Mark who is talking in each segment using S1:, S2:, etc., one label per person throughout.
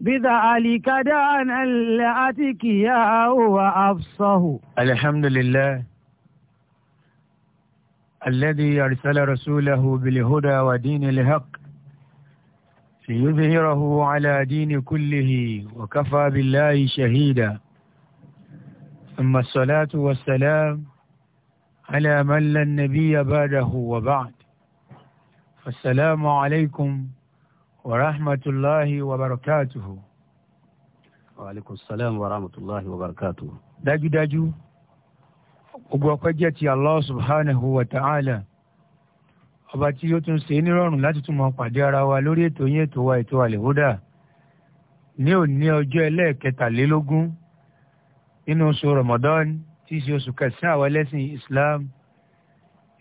S1: بذلك دعنا لأتك يا هو أفصه
S2: الحمد لله الذي أرسل رسوله بالهدى ودين الحق ليظهره على دين كله وكفى بالله شهيدا ثم الصلاة والسلام على من لا النبي بعده وبعد فالسلام عليكم warahmatulahi wabarakatuhu.
S3: waaleykum salaam warahmatulahi wabarakatuhu.
S2: dájúdájú gbogbo ọpẹ́ jẹ́ ti allah subhanahu wa ta'ala ọba tí ó tún ṣe nírọ̀rùn láti tún máa pàdé ara wa lórí ètò yín ètò wa ètò àlèhódà ní òní ọjọ́ ẹlẹ́ẹ̀kẹtàlélógún nínú oṣù ramadan tí í ṣe oṣù kẹsàn-án àwọn ẹlẹ́sìn islam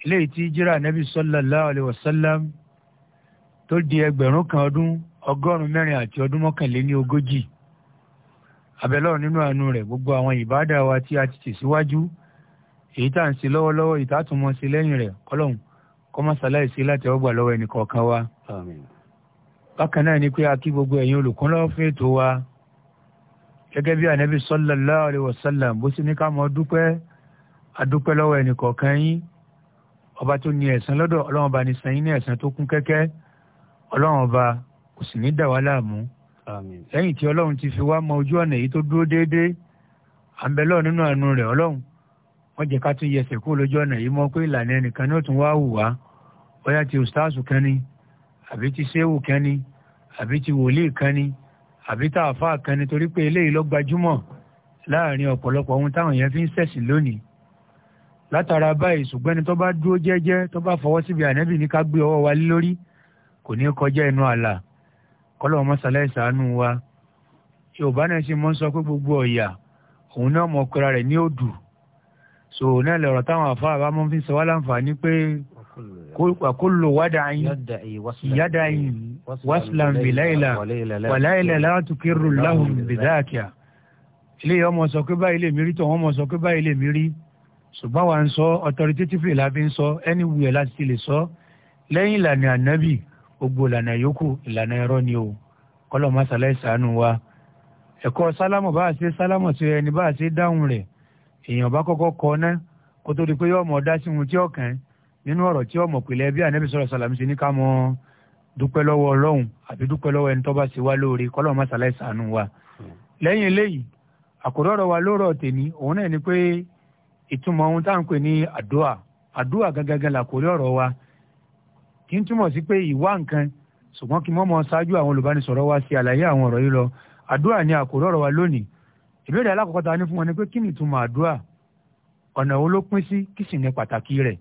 S2: eléyìí tí jíra nabi sallallahu alayhi wa sallam tó di ẹgbẹ̀rún kan ọdún ọgọ́rùn-ún mẹ́rin àti ọdún mọ́kànléní ogójì abẹ́lọ́ nínú àánú rẹ̀ gbogbo àwọn ìbáàdà wa tí a ti tẹ̀síwájú èyí tá à ń ṣe lọ́wọ́lọ́wọ́ ìtàtúmọ̀ sí lẹ́yìn rẹ̀ kọ́lọ́hún kọ́mọ́sáláìsí láti ọgbà lọ́wọ́ ẹnì wa. bákan náà ni pé a kí gbogbo ẹ̀yin olùkúnlọ́wọ́ fún ètò wa gẹ́gẹ́ bí ànábì sallallahu alaihi wasallam bó sì ní ká mọ dúpẹ́ adúpẹ́ lọ́wọ́ ẹnì kọ̀ọ̀kan yín ọba tó ní ẹ̀san lọ́dọ̀ ọlọ́run bá ní yín ní ẹ̀san tó kún kẹ́kẹ́ ọlọ́run ọba kò sì ní dà wá láàmú lẹ́yìn tí ọlọ́run ti fi wá mọ ojú ọ̀nà èyí tó dúró déédéé àǹbẹ̀lọ́ nínú àánú rẹ̀ ọlọ́run wọ́n jẹ́ ká tún yẹsẹ̀ kúrò lójú ọ̀nà yìí mọ́ pé ìlànà ẹnìkan ní ó tún wá wù wá bóyá ti ustaasu kan ni àbí ti séwù kan ni àbí ti wòlíì kan ni àbí tá a fà kan ni torí pé eléyìí ló gbajúmọ̀ láàrin ọ̀pọ̀lọpọ̀ ohun táwọn yẹn fi ń ṣẹ̀sìn lónìí látara báyìí ṣùgbọ́n ẹni tó bá dúró jẹ́jẹ́ tó bá fọwọ́ síbi ànẹ́bì ní ká gbé ọwọ́ wa lórí kò ní kọjá inú àlà kọ́lọ́ mọ́sálá ìsàánú wa yorùbá náà ṣe mọ́ sọ pé gbogbo ọ̀yà òun náà mọ̀ pera rẹ̀ ní òdù so náà lọ̀rọ̀ táwọn àfa àbámọ́ fi sọ wá láǹfààní pé kókòlò wádà yín ìyádà yín
S3: wàsílàm bìláìlà wàláìlà láti kírù láhùn bìdáàkìá
S2: ilé yìí ọmọ sọ pé báyìí lè mí rí tọ̀hún ọmọ sọ pé báyìí lè mí rí ṣùgbọ́n wa ń sọ authoritatively la ń sọ anywhere láti lè sọ lẹ́yìn ìlànà ànábì gbogbo ìlànà yòókù ìlànà ẹ̀rọ ni o kọ́lọ̀ masala ìsànù wa ẹ̀kọ́ sálámù bá a ṣe sálámù sí ẹni bá a ṣe dáhùn rẹ̀ èèyàn bá kọ́kọ́ kọ́ ná kó tó di pé yọ̀ọ̀mọ̀ dá sí ohun tí ọ̀kan nínú ọ̀rọ̀ tí ọ̀mọ̀ pìlẹ̀ bí ànẹ́bí sọ̀rọ̀ sàlámù sí ní ká mọ́ dúpẹ́ lọ́wọ́ ọlọ́run àbí dúpẹ́ lọ́wọ́ ẹni tó bá ṣe wá lóore kọ́lọ̀ masala ìsànù wa lẹ́yìn eléyìí àkòrò ọ̀rọ̀ wa lóòrọ̀ tèmi òun náà ni pé ìtumọ̀ ohun tá ń pè ní àdúà àdúà gangan la kòrí kí n túmọ̀ sí pé ìwá nǹkan ṣùgbọ́n kí mọ́mọ́ ṣáájú àwọn olùbánisọ̀rọ̀ wa ṣe àlàyé àwọn ọ̀rọ̀ yìí lọ àdúrà ni àkòrí ọ̀rọ̀ wa lónìí ìbéèrè alákọ̀ọ́kọ́ ta ni fún wọn ni pé kí ni ìtumọ̀ àdúrà ọ̀nà wo ló pín sí kí sì ní pàtàkì rẹ̀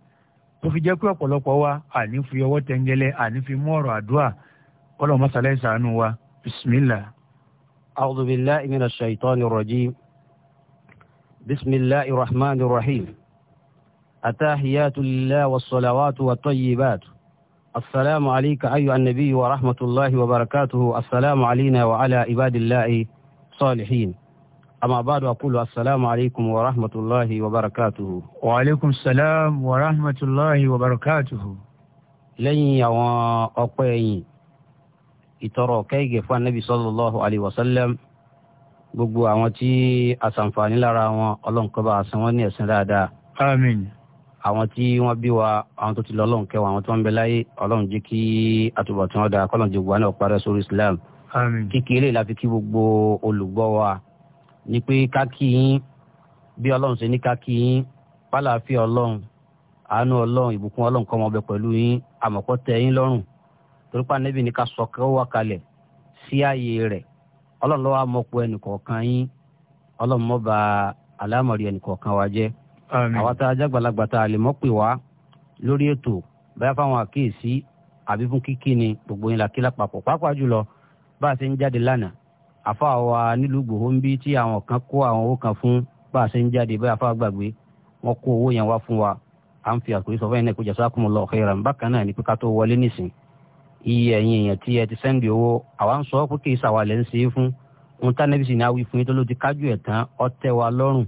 S2: tó fi jẹ́ pé ọ̀pọ̀lọpọ̀ wa àní fi ọwọ́ tẹ́ńgẹ́lẹ́ àní fi mú ọ̀rọ̀ àdúrà
S3: kọ́lọ̀ السلام عليك أيها النبي ورحمة الله وبركاته السلام علينا وعلى عباد الله صالحين أما بعد أقول السلام عليكم ورحمة الله وبركاته وعليكم السلام ورحمة الله وبركاته لن يوان أقوين ìtọrọ النبي صلى الله عليه وسلم wa sallam gbogbo àwọn tí aṣàǹfààní lára wọn ọlọ́nkọ́ba àṣà ní ẹ̀sìn dáadáa. àmín àwọn tí wọ́n bí wa àwọn tó ti lọ ọlọ́run kẹwàá àwọn tó ń bẹ láyé ọlọ́run jẹ́ kí àtúbọ̀tán ọ̀dà kọ́lọ́n jẹ́ gbogbo náà parẹ́ sórí islam kíkéré la fi kí gbogbo olùgbọ́ wa ni pé ká kí yín bí ọlọ́run ṣe ní ká kí yín pálàáfíà ọlọ́run àánú ọlọ́run ìbùkún ọlọ́run kọ́ wọn bẹ pẹ̀lú yín àmọ̀kọ́ tẹ yín lọ́rùn torí pa níbi ní ká sọ kọ́ wá kalẹ̀ sí ààyè rẹ̀ ọlọ́run lọ́wọ́ àmọ́pọ̀ ẹnìkọ̀ọ̀kan yín ọlọ́run mọ́ bá aláàmọ̀rí ẹnìkọ̀ọ̀kan wa jẹ́ àwa tá a jágbàlagbà tá a lè mọ́ pè wá lórí ètò báyà fáwọn àkíyèsí àbí fún kíkí ni gbogbo yín la kí lápapọ̀ pàápàá jùlọ bá a ṣe ń jáde lánàá àfa wa nílùú gbòho ń bí tí àwọn kan kó àwọn owó kan fún bá a ṣe ń jáde báyà fáwọn gbàgbé wọn kó owó yẹn wá fún wa à ń fi àkórí sọ fún ẹni pé jazakumullahu khairan bákan náà ni pé ká tó wọlé nísìn iye ẹ̀yin èèyàn tí ẹ ti sẹ́ndì owó àwa ń sọ pé kì í ṣàwálẹ̀ ń ṣe é fún ohun tá nẹ́bí sì ní awí fún yín tó ló ti kájú ẹ̀ tán ọ̀tẹ̀ wa lọ́rùn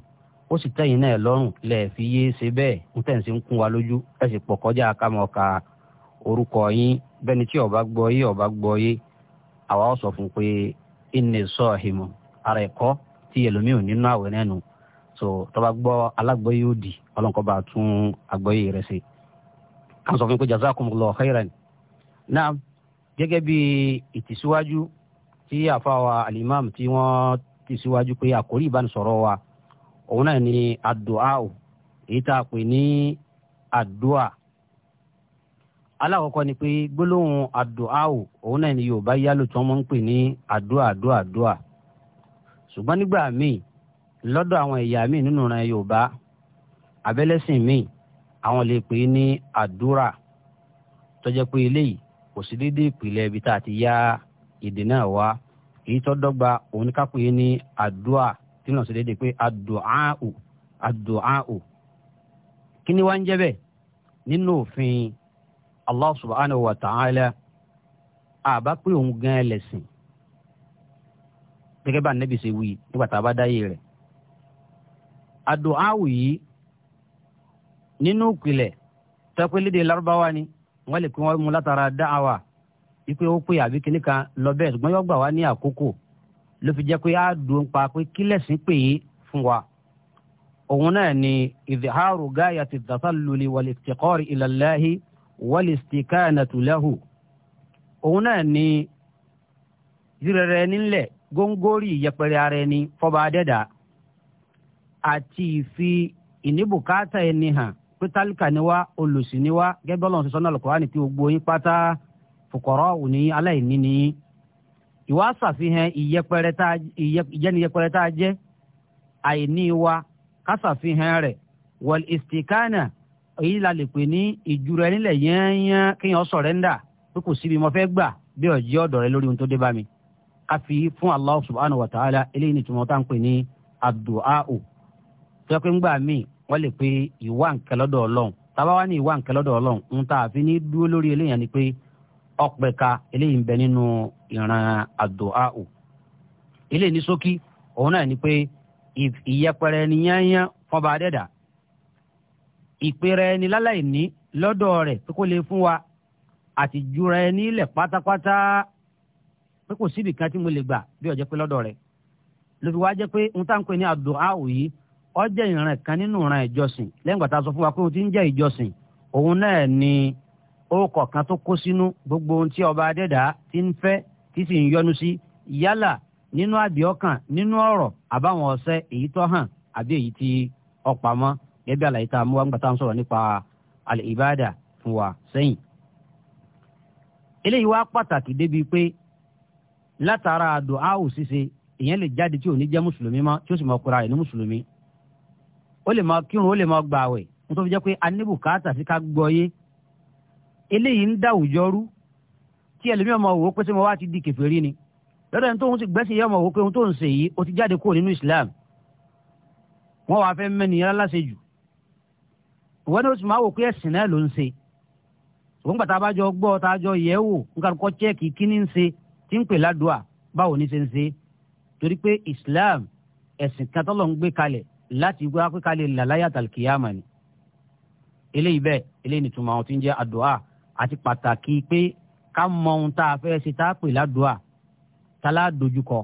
S3: ó sì tẹ̀yìn náà lọ́rùn lẹ̀ fi yé ṣe bẹ́ẹ̀ ń tẹ̀sí ń kún wa lójú ẹ̀ sì pọ̀ kọjá kámọ́ka orúkọ yín bẹ́ni tí ọba gbọ́ yé ọba gbọ́ yé àwa ó sọ fún pé ìní sọ ìmọ̀ ara ẹ̀kọ́ tí ẹlòmíì ò nínú àwẹ̀ náà nù so tọba gbọ́ alágbọ́ yóò dì ọlọ́nkọ́ bá tún àgbọ́yé rẹ̀ ṣe à ń sọ fún pé jazakumullahu khairan náà gẹ́gẹ́ bí ìtìsíwájú tí àfa wa alimam tí wọ́n tìsíwájú pé àkórí ìbánisọ̀rọ̀ wa òun náà ni àdúà o èyí tá a pè ní àdúà alákọ̀ọ́kọ́ ni pé gbólóhùn àdúà o òun náà ni yorùbá yálò tí wọ́n máa ń pè ní àdúà àdúà àdúà ṣùgbọ́n nígbà míì lọ́dọ̀ àwọn ẹ̀yà míì nínú ìran yorùbá abẹ́lẹ́sìn míì àwọn lè pè ní àdúrà tó pé eléyìí kò sí déédéé ìpìlẹ̀ ibi tá a ti yá èdè náà wá èyí tó dọ́gba òun ká pè ní àdúà tí náà sọ déédéé pé adu'a'u adu'a'u kí ni wá ń jẹ́ bẹ́ẹ̀ nínú òfin Allah subhanahu wa ta'ala àbá pé òun gan ẹlẹ́sìn gẹ́gẹ́ bá nẹ́bí ṣe wí nígbà tá a bá dáyé rẹ̀ adu'a'u yìí nínú ìpìlẹ̀ tẹ́pẹ́lédè lárúbáwá ni wọ́n lè pín wọn mú látara ó pè àbí kíníkan lọ bẹ́ẹ̀ ṣùgbọ́n ló fi jẹ́ pé á dùn pa pé kílẹ̀sìn pè é fún wa. òun náà ni ìdíhàrù gáyà ti dàtàlùlì wàlẹ̀ tìkọ́rì ìlàláhi wàlẹ̀ sìkánàtúlẹ́hù. òun náà ni rírẹrẹ nílẹ̀ góńgórì yẹpẹrẹ ara ẹni fọba adẹ́dà àti ìfi ìníbùkátà ẹni hàn pé ni wá olùsìn ni wá gẹ́gẹ́ bọ́lá ọ̀sán sọ́nà lọ́kọ̀ọ́ ìwà ṣàfihàn ìyẹniyẹpẹrẹ tá a jẹ́ àìní wa ká ṣàfihàn rẹ̀ wal istikana èyí la lè pè ní ìjura nílẹ̀ yẹ́nyẹ́n kéèyàn sọ̀rẹ́ńdà pé kò síbi mo fẹ́ gbà bí ọ̀jẹ́ ọ̀dọ̀ rẹ lórí ohun tó dé bá mi ká fi fún Allah subhanahu wa ta'ala eléyìí ni tùmọ̀ tá à ń pè ní addu'a'u tó yẹ pé ńgbà míì wọ́n lè pe ìwà nkẹ́lọ́dọ̀ ọlọ́run tábà ní ìwà nkẹ́lọ́dọ̀ ọlọ́run ń ta àfi ní dúró lórí eléyàn ni pé ọ̀pẹ̀ka eléyìí ń bẹ nínú ìran àdùáù eléyìí ní ṣókí òun náà ni pé ìyẹpẹrẹ ni yányán fọba adẹ́dà ìpẹrẹ ni láláì ní lọ́dọ̀ rẹ̀ pé kó lè fún wa àti jura ẹ nílẹ̀ pátápátá pé kò síbi kan tí mo lè gbà bí o pé lọ́dọ̀ rẹ̀ ló wá jẹ́ pé n sọ fún wa pé òun ti ń jẹ́ ó kọ̀ọ̀kan tó kó sínú gbogbo ohun tí ọba adẹ́dá ti ń fẹ́ tí sì ń yọnu sí yálà nínú àbí ọkàn nínú ọ̀rọ̀ àbáwọn ọ̀sẹ́ èyí tó hàn àbí èyí tí ọ̀pamọ́ gẹ́gẹ́ àlàyé tá a mú wa ń gbà tá à ń sọ̀rọ̀ nípa àlè ìbáàdà fún wa sẹ́yìn. eléyìí wá pàtàkì débi pé látara àdó áwù ṣíṣe èèyàn lè jáde tí ò ní jẹ́ mùsùlùmí mọ́ tí ó sì mọ kura rẹ̀ ní mùsùlùmí ó lè máa kírun ó lè máa gbààwẹ̀ nítorí jẹ́ pé a sí ká gbọ́ yé eléyìí ń dá àwùjọ rú tí ẹlòmíì ọmọ òwò pé ṣé mo wá ti di kèfèrí ni lọ́dọ̀ ẹni tó ń ti gbẹ́sìn yẹ ọmọ òwò pé ohun tó ń ṣe yìí ó ti jáde kúrò nínú Islam wọ́n wàá fẹ́ mẹ́ni yẹn láláṣẹ jù ìwọ́n ní oṣù máa wò pé ẹ̀sìn náà ló ń ṣe òun gbàtà bá jọ gbọ́ tá a jọ yẹ̀ wò nǹkan kọ́ chẹ́ẹ̀kì kí ni ń ṣe tí ń pè ládùá báwo ni ṣe ń ṣe torí pé Islam ẹ̀sìn kan ń gbé kalẹ̀ láti gbé kalẹ̀ làlàyà tàlkìyàmà ni eléyìí bẹ́ẹ̀ eléyìí nìtumọ̀ àwọn tí ń jẹ́ àdùá àti pàtàkì pé ká mọ ohun tá a fẹ́ ṣe tá a pè ládùúà tá a ládojúkọ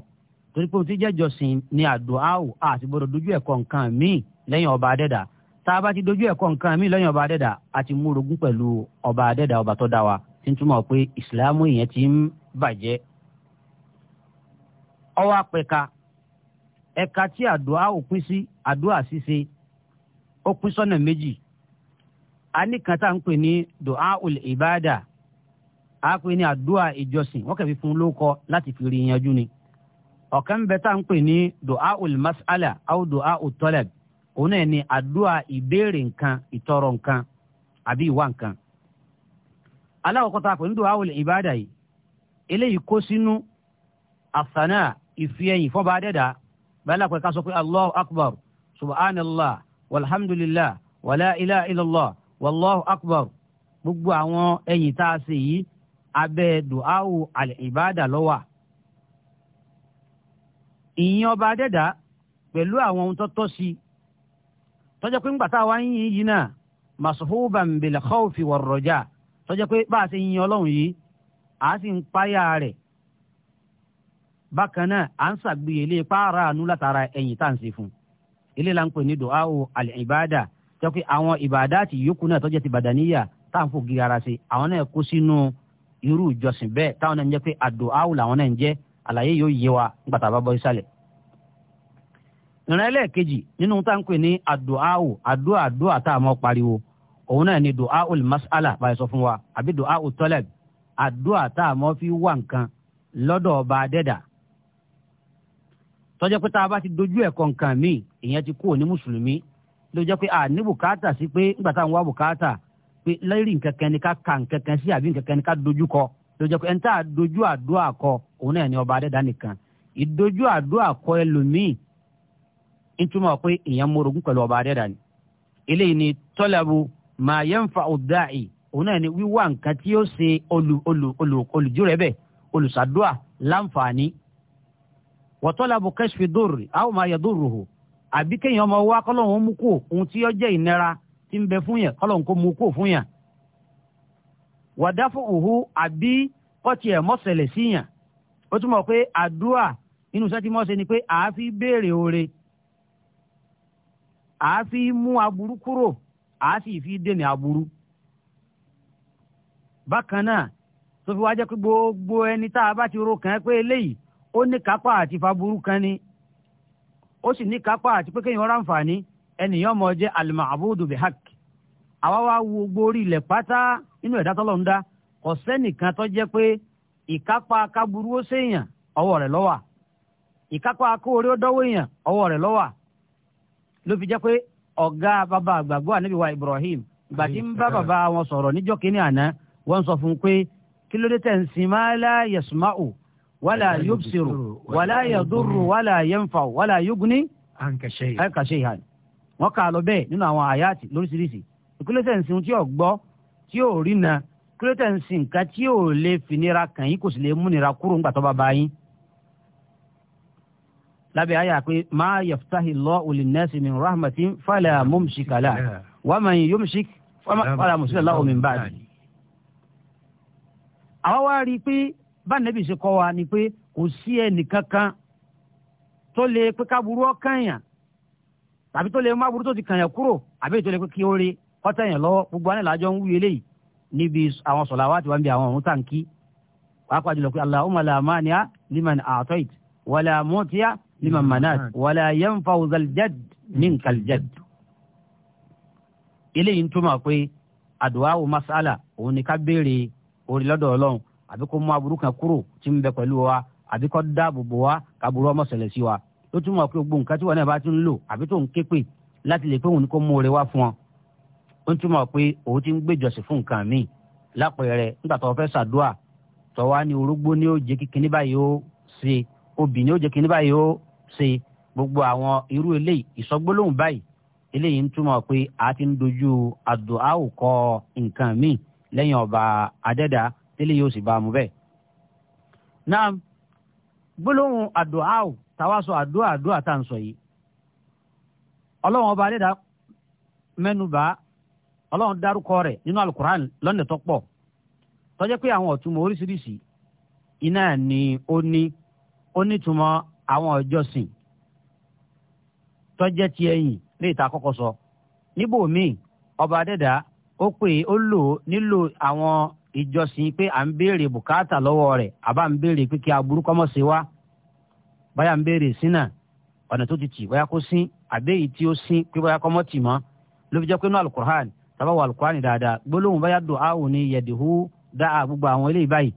S3: torí pé ohun tí jẹ́jọsìn ni àdúà ò àti gbọ́dọ̀ dojú ẹ̀kọ́ nǹkan míì lẹ́yìn ọba adẹ́dà tá a bá ti dojú ẹ̀kọ́ nǹkan míì lẹ́yìn ọba adẹ́dà a ti mú orogún pẹ̀lú ọba adẹ́dà ọba tó dá wa tí ń túmọ̀ pé ìsìlámù ìyẹn ti ń bàjẹ́ ọwọ́ apẹ̀ka ẹ̀ka tí àdúà ò pín sí àdúà ṣíṣe ó pín sọ́nà méjì a ní kan tá à ń pè ní du'aul ibada a pè ní àdúrà ìjọsìn wọ́n kàn fi fún lóko láti fi rí yanjú ni ọ̀kan bẹ tá à ń pè ní du'aul mas'ala aw du'aul talab òun náà ni àdúrà ìbéèrè nǹkan ìtọrọ nǹkan àbí ìwà nǹkan aláwọ̀kọ́ tá a pè ní du'aul ibada yìí eléyìí kó sínú àfànà ìfìyẹ̀yìn fọ́ba adẹ́dà bẹ́ẹ̀ lápẹ́ sọ pé allahu akbar subhanallah walhamdulillah wala ilaha Allah wallahu akbar gbogbo àwọn ẹ̀yìn tá a ṣe yìí abẹ́ duawu al-ibada lọ́wà. ìyìn ọba adẹ́dá pẹ̀lú àwọn ohun tó tọ́ sí tọ́jọ́ pé ńgbà tá a wá ń yìn yìí náà masuhuban bil khawfi war raja tọ́jọ́ pé bá a ṣe yìn ọlọ́run yìí a sì ń páyà rẹ̀ bákan náà à ń ṣàgbéyẹlé pààrà àánú látara ẹ̀yìn tá à ń ṣe fún ilé la ń pè ní duawu al-ibada jẹ́ pé àwọn ìbàdàtì yòókù náà tó jẹ́ ti bàdàníyà táwọn fò gígara sí àwọn náà kó sínú irú ìjọsìn bẹ́ẹ̀ táwọn náà ń jẹ́ pé àdó áwù làwọn náà ń jẹ́ àlàyé yóò yé wa nígbà tá a bá bọ́ ìsàlẹ̀. ìrìn ẹlẹ́ẹ̀kejì nínú tá à ń pè ní àdó áwù àdó àdó àtàwọn pariwo òun náà ni dùá ul mas'ala báyìí sọ fún wa àbí dùá ul talab àdó àtàwọn fi wà nǹkan lọ́dọ̀ ọba adẹ́dà tọ́jọ́ pé tá a bá ti dojú ẹ̀kọ́ nǹkan míì ìyẹn ti kú òní mùsùlùmí ló jẹ́ pé a ní bùkátà sí pé nígbà táwọn wá bùkátà pé lẹ́rìí nkankan ni ká ka nkankan sí àbí nkankan ni ká dojú kọ ló jẹ́ pé ẹni tá a dojú àdúrà kọ òun náà ni ọba adẹ́dá nìkan ìdojú àdúrà kọ ẹlòmíì ìtumọ̀ pé èèyàn morogún pẹ̀lú ọba adẹ́dá ni eléyìí ni tọ́lẹ̀bù máa yẹn fa ọ̀dáì òun náà ni wíwá nǹkan tí yóò ṣe olùjúrẹ́bẹ̀ olùsàdúà láǹfààní wọ́tọ́lẹ̀bù kẹ́sìfì dòrò àwọn máa yẹ dòrò hù àbí kéèyàn ọmọ wa kọ́lọ́hún mú kó ohun tí ó jẹ́ ìnira tí ń bẹ fún yẹn kọ́lọ́hún kó mú kó fún yẹn wàdá fún òhu àbí kọ́tì ẹ̀ mọ́sẹ̀lẹ̀ sí yẹn ó túmọ̀ pé àdúrà inú sẹ́tí mọ́sẹ̀ ni pé àáfi béèrè oore àáfi mú aburú kúrò àásì fi dènà aburú bákan náà tó fi wá jẹ́ pé gbogbo ẹni tá a bá ti ro kàn án pé eléyìí ó ní kápá àti faburú kan ni ó sì ní kápá àti pé kéèyàn ráǹfààní ẹnìyàn mọ̀ jẹ́ al-ma'budu bihaq àwa wá wo gbórí ilẹ̀ pátá nínú ẹ̀dá tọ́lọ̀ ń dá kò sẹ́nìkan tó jẹ́ pé ìkápá kaburú ó séèyàn ọwọ́ rẹ̀ lọ́wà ìkápá kóore ó dọ́wọ́ èèyàn ọwọ́ rẹ̀ lọ́wà ló fi jẹ́ pé ọ̀gá wa Ibrahim tí ń bá bàbá wọn sọ̀rọ̀ níjọ́ kínní àná wọ́n sọ fún un wala yubsiru wala yadurru wala yanfa wala yugni ànkàṣe ìhàn wọn kà á lọ bẹ́ẹ̀ nínú àwọn àyàtì lóríṣiríṣi ìkúlẹsẹ nsìn tí ò gbọ́ tí ò rí na ìkúlẹsẹ nsìn nǹkan tí ò lè finira kàn yín kò sì lè múnira kúrò ńgbà tó bá bá yín. lábẹ́ àyà pé ma yaftahi Allahu linnasi min rahmatin fala mumsika laha wa man yumsik fala mursila lahu min àwa wá rí i pé bá nẹ́bí ṣe kọ́ wa ni pé kò sí ẹnìkankan tó lè pé káburú ọ̀kànyàn tàbí tó lè má burú tó ti kànyàn kúrò àbí tó lè pé kí ó rí kọ́tẹ̀yàn lọ́wọ́ gbogbo àná làjọ ń wí eléyìí níbi àwọn sọ̀làwátì wá ń àwọn ọ̀hún tàǹkì pàápàá jùlọ pé Allahumma la mani'a liman a'tayt wala mu'tiya liman manat wala yanfa'u zal jadd minkal eléyìí ń túmọ̀ pé àdùá wo masala òun ni ká béèrè orí lọ́dọ̀ ọlọ́run àbí kó mú aburú kan kúrò tí ń bẹ pẹ̀lú wa àbí kó dáàbò bò wá kaburú ọmọ ṣẹlẹ̀ sí wa ló túmọ̀ pé gbogbo nǹkan tí wọn náà bá ti ń lò àbí tó ń ké pè láti lè pé òun ni kó mú oore wá fún ọ ó túmọ̀ pé òun ti ń gbèjọsìn fún nǹkan míì lápẹẹrẹ nígbà tó fẹ́ ṣàdúà tó wá ní orógbó ní ó jẹ kíkiní báyìí ó ṣe obì ní ó jẹ kíkiní báyìí ó ṣe gbogbo àwọn irú eléyìí ìsọgbólóhùn báyìí eléyìí ń túmọ̀ pé a ti ń dojú àdúà àwòkọ nǹkan míì lẹ́yìn ọba adẹ́dàá tẹ́lẹ̀ yóò sì bá a mú bẹ́ẹ̀. náà gbólóhùn àdúà ò táwa sọ àdúà àdúà tá à ń sọ yìí ọlọ́run ọba adéda mẹ́nubà ọlọ́run dárúkọ rẹ̀ nínú alukuran lọ́nà tó pọ̀ pé àwọn ọ̀túnmọ̀ oríṣiríṣi iná ni ó ní ó nítumọ̀ àwọn ọjọ́sìn tó jẹ́ ti ẹ̀yìn lè ta kọ́kọ́ sọ níbòmíì ọba adéda ó pè ó lò nílò àwọn ìjọsìn pé à ń béèrè bùkátà lọ́wọ́ rẹ̀ àbá ń béèrè pé kí aburú kọ́mọ̀ sí wa báyà ń béèrè sínà ọ̀nà tó ti tì báyà kó sín àbẹ́yìí tí ó sín pé báyà kọ́mọ̀ tì mọ́ ló fi jẹ́ pé nínú alukur'an tàbá wà alukur'an dáadáa gbólóhùn báyà dùn áhùn ní yẹ̀dìhú dáa gbogbo àwọn eléyìí báyìí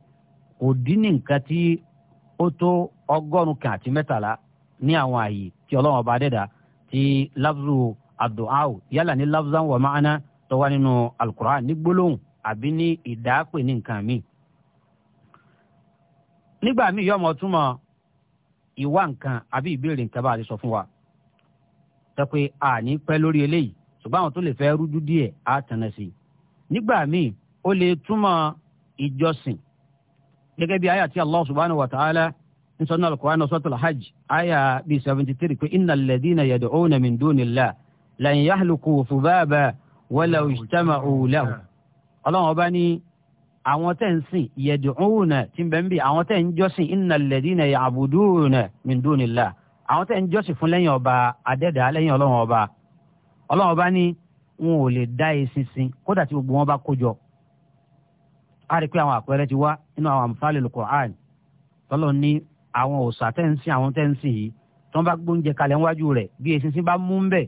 S3: kò dín ní nǹkan tí ó tó ọgọ́rùn-ún kan àti mẹ́tàlá ní àwọn àyè tí ọlọ́run ọba ti lafzu àdùn áhùn yálà ní lafzan wà máa ná tọ́wá nínú alukur'an ní àbí ní ìdápè ní nǹkan míì nígbà míì yóò mọ túmọ̀ ìwá nǹkan àbí ìbéèrè nǹkan bá a ti sọ fún wa sọ pé a ní pẹ́ lórí eléyìí ṣùgbọ́n àwọn tó lè fẹ́ rújú díẹ̀ á tẹ̀nà sí i nígbà míì ó lè túmọ̀ ìjọsìn gẹ́gẹ́ bí àyà tí Allah subhanahu wa ta'ala ń sọ náà Hajj àyà bíi seventy three pé innal ladhina yad'una min dunillah lan yahluqu thubaba walaw ijtama'u ọlọ́run ọba ní àwọn tẹ̀ ń sìn yẹ̀dùnúnà tí ń bẹ ń bì àwọn tẹ̀ ń jọ́sìn innal ladina ya'buduna min dunillah àwọn tẹ̀ ń jọ́sìn fún lẹ́yìn ọba adẹ́dà lẹ́yìn ọlọ́run ọba ọlọ́run ọba ní wọn ò lè dá eṣin sin kódà tí gbogbo wọn bá kó a rí i pé àwọn àpẹẹrẹ ti wá nínú àwọn àmúfàlẹ́ Al-Qur'an tọ́lọ́ ní àwọn òòṣà tẹ́ ń sìn àwọn tẹ́ ń sìn yìí tí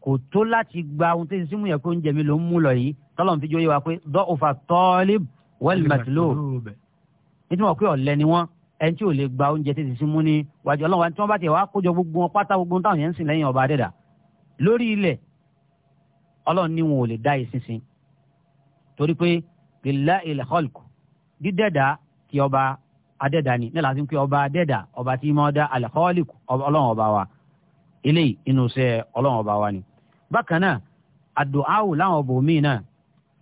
S3: kò tó láti gba ohun tí sísímù yẹ kó ń jẹ̀mí ló ń mú lọ yìí tọ́lọ̀ fi jó wa pé dọ́ òfà tọ́ọ́lì wal matlub nítorí wọn pé ọ̀lẹ ni wọn ẹni tí ò lè gba oúnjẹ tí sísímù ní wájú ọlọ́run wa tí wọ́n bá tiẹ̀ wá kójọ gbogbo wọn pátá gbogbo táwọn yẹn ń sìn lẹ́yìn ọba adẹ́dà lórí ilẹ̀ ọlọ́run ní wọn ò lè dá ìsinsin torí pé ilẹ̀ hulk ni nílà fi ń pè ọba adẹ́dà ọba tí ọlọ́run ọba wa ni bákan náà àdùáwù láwọn bòmíì náà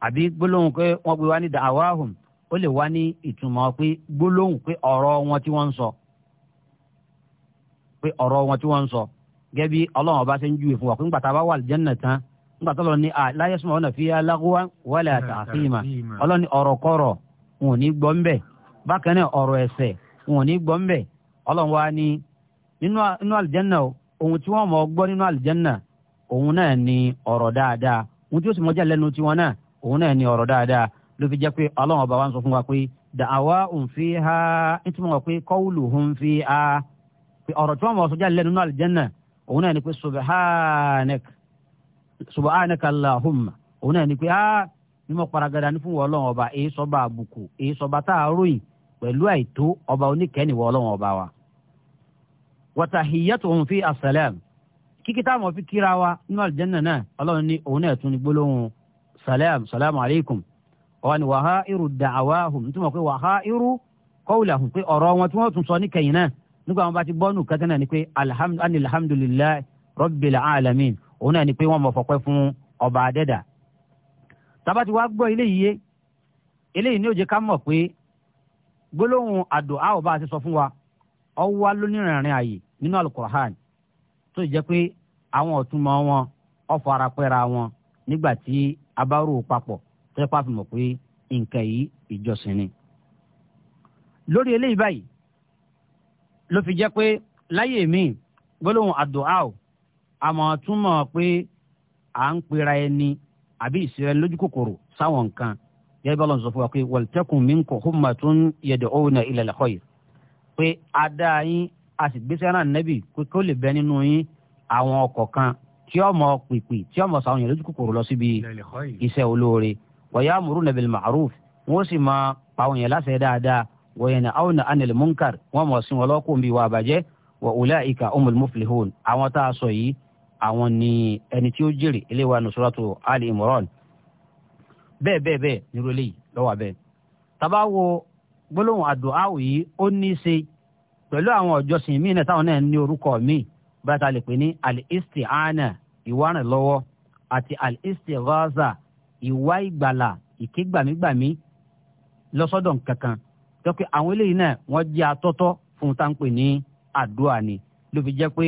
S3: àbí gbólóhùn pé wọ́n awa wá ní dàwáhùn ó lè wá ní ìtumọ̀ pé gbólóhùn pé ọ̀rọ̀ wọn tí ń sọ pé wọn tí ń sọ gẹ́gẹ́ bí ọba ṣe ń juwe fún wa pé ńgbà tá a bá wà tán ńgbà tó lọ ní fi aláwọ̀ ọlọ́ni ọ̀rọ̀ kọ̀rọ̀ wọn ò ní gbọ́ bákan náà ọ̀rọ̀ ẹ̀sẹ̀ wa ní nínú ohun tí wọ́n mọ̀ gbọ́ nínú òun náà ni ọ̀rọ̀ dáadáa ohun tí ó sì mọ́jà lẹ́nu tiwọn náà òun náà ni ọ̀rọ̀ dáadáa ló fi jẹ́ pé ọlọ́run ọba wa ń sọ fún wa pé dàwa òun fi ha nítumọ̀ kwe pé kọ́wùlù òun fi ha ọ̀rọ̀ tí wọ́n mọ̀ sọ́jà lẹ́nu náà àlìjẹ́nà òun náà ni pé subhanak subhanak òun náà ni pé ha paragada ní fún wọn ọlọ́run ọba èyí àbùkù èyí pẹ̀lú àìtó ọba oníkẹ́ni ọlọ́run ọba wa. fi kíkí táwọn fi kíra wa nínú àlùjẹ́nà náà ọlọ́run ní òun náà tún ní gbólóhùn salam salam aleykum ọ̀wá ni wàhá irú da'awahum tí wọ́n pe wàhá irú qawlahum pé ọ̀rọ̀ wọn tí wọ́n tún sọ ní kẹyìn náà nígbà wọn bá ti gbọ́nù kẹtẹ́ náà ni pé alhamdulilayi rabbil alamin òun náà ni pé wọ́n mọ̀ fọpẹ́ fún ọba adẹ́dà tabati wa gbọ́ eléyìí eléyìí ní ó ká mọ̀ pé gbólóhùn àdúà ọba àti sọ fún wa ó wà lónìrìnrìn àyè nínú alukur'an tó jẹ́ pé àwọn ọ̀túnmọ̀ wọn ọ̀farapẹ́ra wọn nígbà tí a bá rò papọ̀ tó yẹ pàfimọ̀ pé nǹkan yìí ìjọsìn ni. lórí eléyìí báyìí ló fi jẹ́ pé láyé mi gbólóhùn àdúà o àmọ́ túmọ̀ pé à ń pera ẹni àbí ìsirẹ́ lójú kòkòrò sáwọn nǹkan gẹ́gẹ́ bá lọ́n sọ fún wa pé wàlítẹ́kùn mi ń kọ́ hummatun yad'una ila al-khayr pé a dá yín a sì gbéṣẹ́ náà nẹ́bì kó lè bẹ nínú yín àwọn ọkọ̀ kan tí ọmọ pìpì tí ọmọ sàwọn yẹn lójú kòkòrò lọ síbi iṣẹ́ olóore wa ya'muruna bil ma'ruf wọ́n sì máa pàwọn yẹn láṣẹ dáadáa wa yanhauna 'anil munkar wọ́n mọ̀ sí wọn lọ́kùn bíi wà bàjẹ́ wa ulaika umul muflihun àwọn tá a sọ yìí àwọn ni ẹni tí ó jèrè ilé wa nù suratu Ali Imran bẹ́ẹ̀ bẹ́ẹ̀ bẹ́ẹ̀ nírú eléyìí lọ́wọ́ abẹ́ tàbá gbólóhùn àdúà yìí ó ní í ṣe pẹ̀lú àwọn ọ̀jọ́sìn míì náà táwọn náà ní orúkọ míì bàtà lè pè ní al-isti'ana ìwárìnlọ́wọ́ àti al-istighaza ìwá ìgbàlà ìkégbàmígbàmí lọ́sọ́dọ̀ kankan tó pé àwọn eléyìí náà wọ́n jẹ́ atọ́tọ́ fún tá à ń pè ní àdúrà ni ló fi jẹ́ pé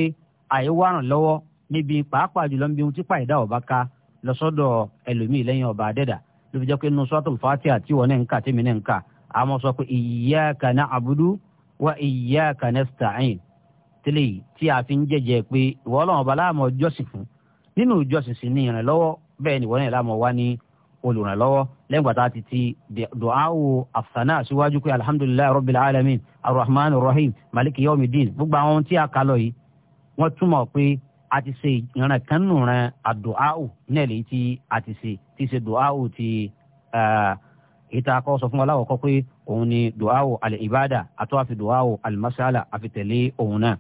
S3: àìwárùn lọ́wọ́ níbi pàápàá jùlọ níbi ohun tí pàìdá ọba ká lọ́sọ́dọ̀ ẹlòmíì lẹ́yìn ọba àdẹ́dà ló fi jẹ́ pé nínú suratul tẹ́lẹ̀ yìí tí a fi ń jẹ́jẹ́ pé ìwọ ọlọ́run ọba láàmú ọjọ́sìn fún nínú ìjọsìn sí ní ìrànlọ́wọ́ bẹ́ẹ̀ ni ìwọ náà láàmú wá ní olùrànlọ́wọ́ lẹ́yìn gbàtà ti ti dùnáwó àfànà síwájú pé alihamudulilayi rabbil alamin arahman rahim maliki yawmidin gbogbo àwọn tí a kà lọ yìí wọ́n túmọ̀ pé a ti ṣe ìran kan nù ran àdùnáwó náà lè ti a ti ṣe ti ṣe dùnáwó ti ìta akọ́ sọ fún wa láwọ̀ kọ́ pé òun ni dùnáwó alìbádà àtọ́ àfi dùnáwó alìmásálà àfitẹ̀lé òun náà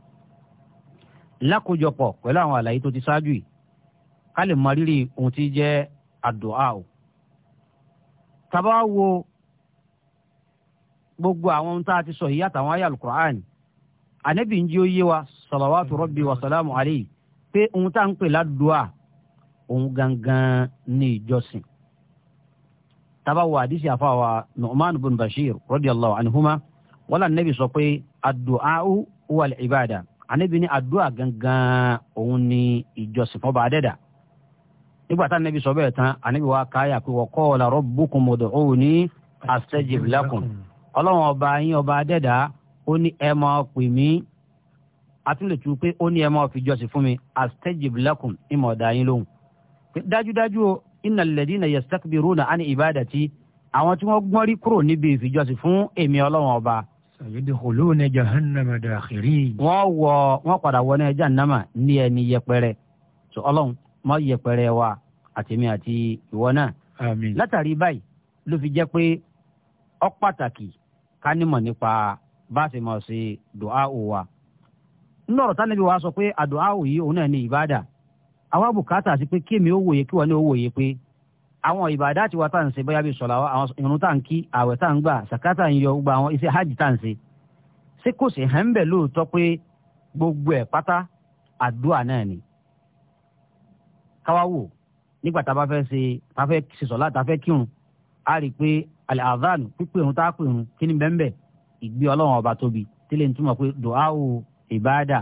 S3: lákòjọpọ̀ pẹ̀lú àwọn àlàyé tó ti ṣáájú yìí ká lè mọ rírì ohun tí jẹ́ àdúà o. tàbá wo gbogbo àwọn ohun tá a ti sọ yìí àtàwọn ayé alukur'an anabi ń jí ó yé wa salawatu rabbi wa salamu alayhi pé ohun tá à ń pè ládùúà ohun gangan ní ìjọsìn. tàbá wo àdìsí àfàwà nu'man bin bashir radiyallahu anhuma wala anabi sọ pé àdúà huwa al-ibada anabi ní àdúrà gangan òun ni ìjọsìn fọba adẹ́dà nígbà tá anabi sọ bẹ́ẹ̀ tán anabi wa káyà pé wa qala rabbukum ud'uni astajib lakum ọlọ́run ọba yín ọba adẹ́dà ó ní ẹ máa pè mí atúlẹ̀tù pé ó ní ẹ máa fi jọsìn fún mi astajib lakum ìmọ̀ ọ̀dà yín lóhùn dájúdájú o innal ladina yastakbiruna an ibadati àwọn tí wọ́n gbọ́n rí kúrò níbi ìfijọ́sìn fún èmi ọlọ́run ọba sayudkhuluna jahannama dakhirin. wọ́n wọ wọ́n padà wọ náà jahannama ní ẹni yẹpẹrẹ sọ ọlọ́run má yẹpẹrẹ wa àtẹ̀mí àti ìwọ náà. àmín. látàrí báyìí ló fi jẹ́ pé ó pàtàkì ká nímọ̀ nípa bá a ṣe máa ṣe dùá òwa. nínú ọ̀rọ̀ tánàbí wa sọ pé àdùá òyì òun náà ní ìbádà àwa bùkátà sí pé kí èmi ó wòye kí wọ́n ní ó wòye pé àwọn ìbàdá àti wa tá à ń ṣe bóyá bíi sọ̀lá àwọn irun tá à ń kí àwẹ̀ tá à ń gbà sàkátà ń yọ gbogbo àwọn iṣẹ́ hajj tá à ń ṣe ṣé kò sí hàn bẹ́ẹ̀ lóòótọ́ pé gbogbo ẹ̀ pátá àdúrà náà ni káwá wò nígbà tá a bá fẹ́ ṣe tá a fẹ́ ṣe sọ̀lá tá a fẹ́ kírun a rí i pé àlẹ́ àdánù pípé irun tá a pè kí ni bẹ́ẹ̀ ìgbé ọlọ́run ọba tóbi tílé ń túmọ̀ pé dùáwò ìbáàdà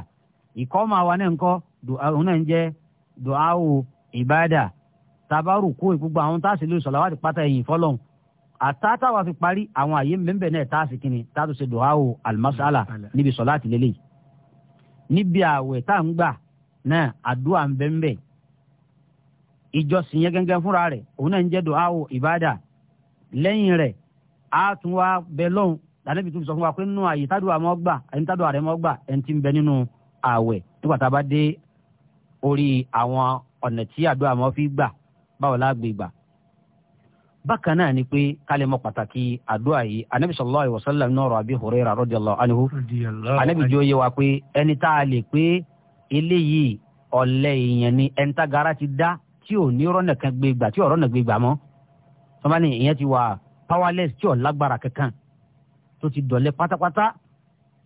S3: ìkọ́ máa wà náà ń kọ́ dùáwò tabaru kó gbogbo àwọn tá a sì lè sọ̀lá wá ti pátá ẹ̀yìn fọlọ́hún àtàtà wa fi parí àwọn àyè mbẹ́mbẹ́ náà tá a sì kíni tá a tó ṣe dùhàwò alimasala níbi sọ̀lá àti lélẹ̀ níbi àwẹ̀ tá à ń gbà náà àdúrà mbẹ́mbẹ́ ìjọsìn yẹn gẹ́gẹ́ fúnra rẹ̀ òun náà ń jẹ́ dùhàwò ìbádà lẹ́yìn rẹ̀ a tún wá bẹ lọ́hùn tàbí tó sọ fún wa pé nínú àyè tádùá ọ̀nà tí àdúrà mọ́ fi gbà báwo la gbé gbà. bákan náà ni pé kálẹ̀ mọ́ pàtàkì àdúrà yìí anabi sallallahu alaihi wasallam nọrọ abi huraira radiyallahu anhu anabi jọ yé wa pé ẹni tá a lè pé eléyìí ọ̀lẹ́ èèyàn ni ẹni tá gara ti dá tí ò ní ọ̀rọ̀ nìkan gbé gbà tí ọ̀rọ̀ nìkan gbé gbà mọ́ sọmọlẹ ìyẹn ti wà powerless tí ò lágbára kankan tó ti dọ̀lẹ́ pátápátá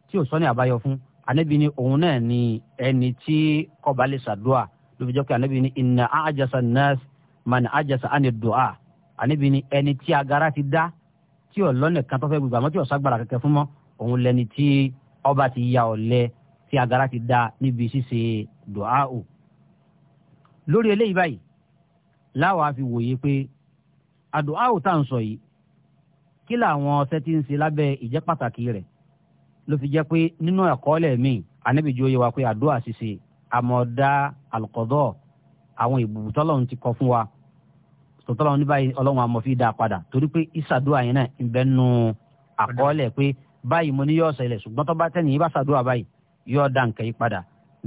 S3: tí ò sọ́ni àbáyọ fún anabi ni òun náà ni ẹni tí kọba lè ṣàdúà lóbi jọ pé anabi ni inna ajasa nas man ajasa ani du'a anibi bini ẹni tí agara ti dá tí ò lọ́nà kan tó fẹ́ gbogbo àmọ́ tí ò sagbara kẹ̀kẹ́ fún mọ́ òun lẹni tí ọba ti ya ọ̀lẹ tí agara ti dá níbi ṣíṣe du'a o. lórí eléyìí báyìí láwa fi wòye pé àdùá ò tá à ń sọ yìí kí làwọn ọsẹ ti ń ṣe lábẹ́ ìjẹ́ pàtàkì rẹ̀ ló fi jẹ́ pé nínú ẹ̀kọ́ lẹ́ẹ̀mí ànábìjú oyè wa pé àdúrà ṣíṣe àmọ́ dá àwọn ìbùbù tọ́lọ́run ti kọ fún wa tọ́lọ́run ní báyìí ọlọ́run àmọ́ fi dá a padà torí pé ìsàdúrà yẹn náà ń bẹ nù àkọọ́lẹ̀ pé báyìí mo ní yóò ṣẹlẹ̀ ṣùgbọ́n tó bá tẹ̀ nìyí bá ṣàdúrà báyìí yóò dá nǹkan yìí padà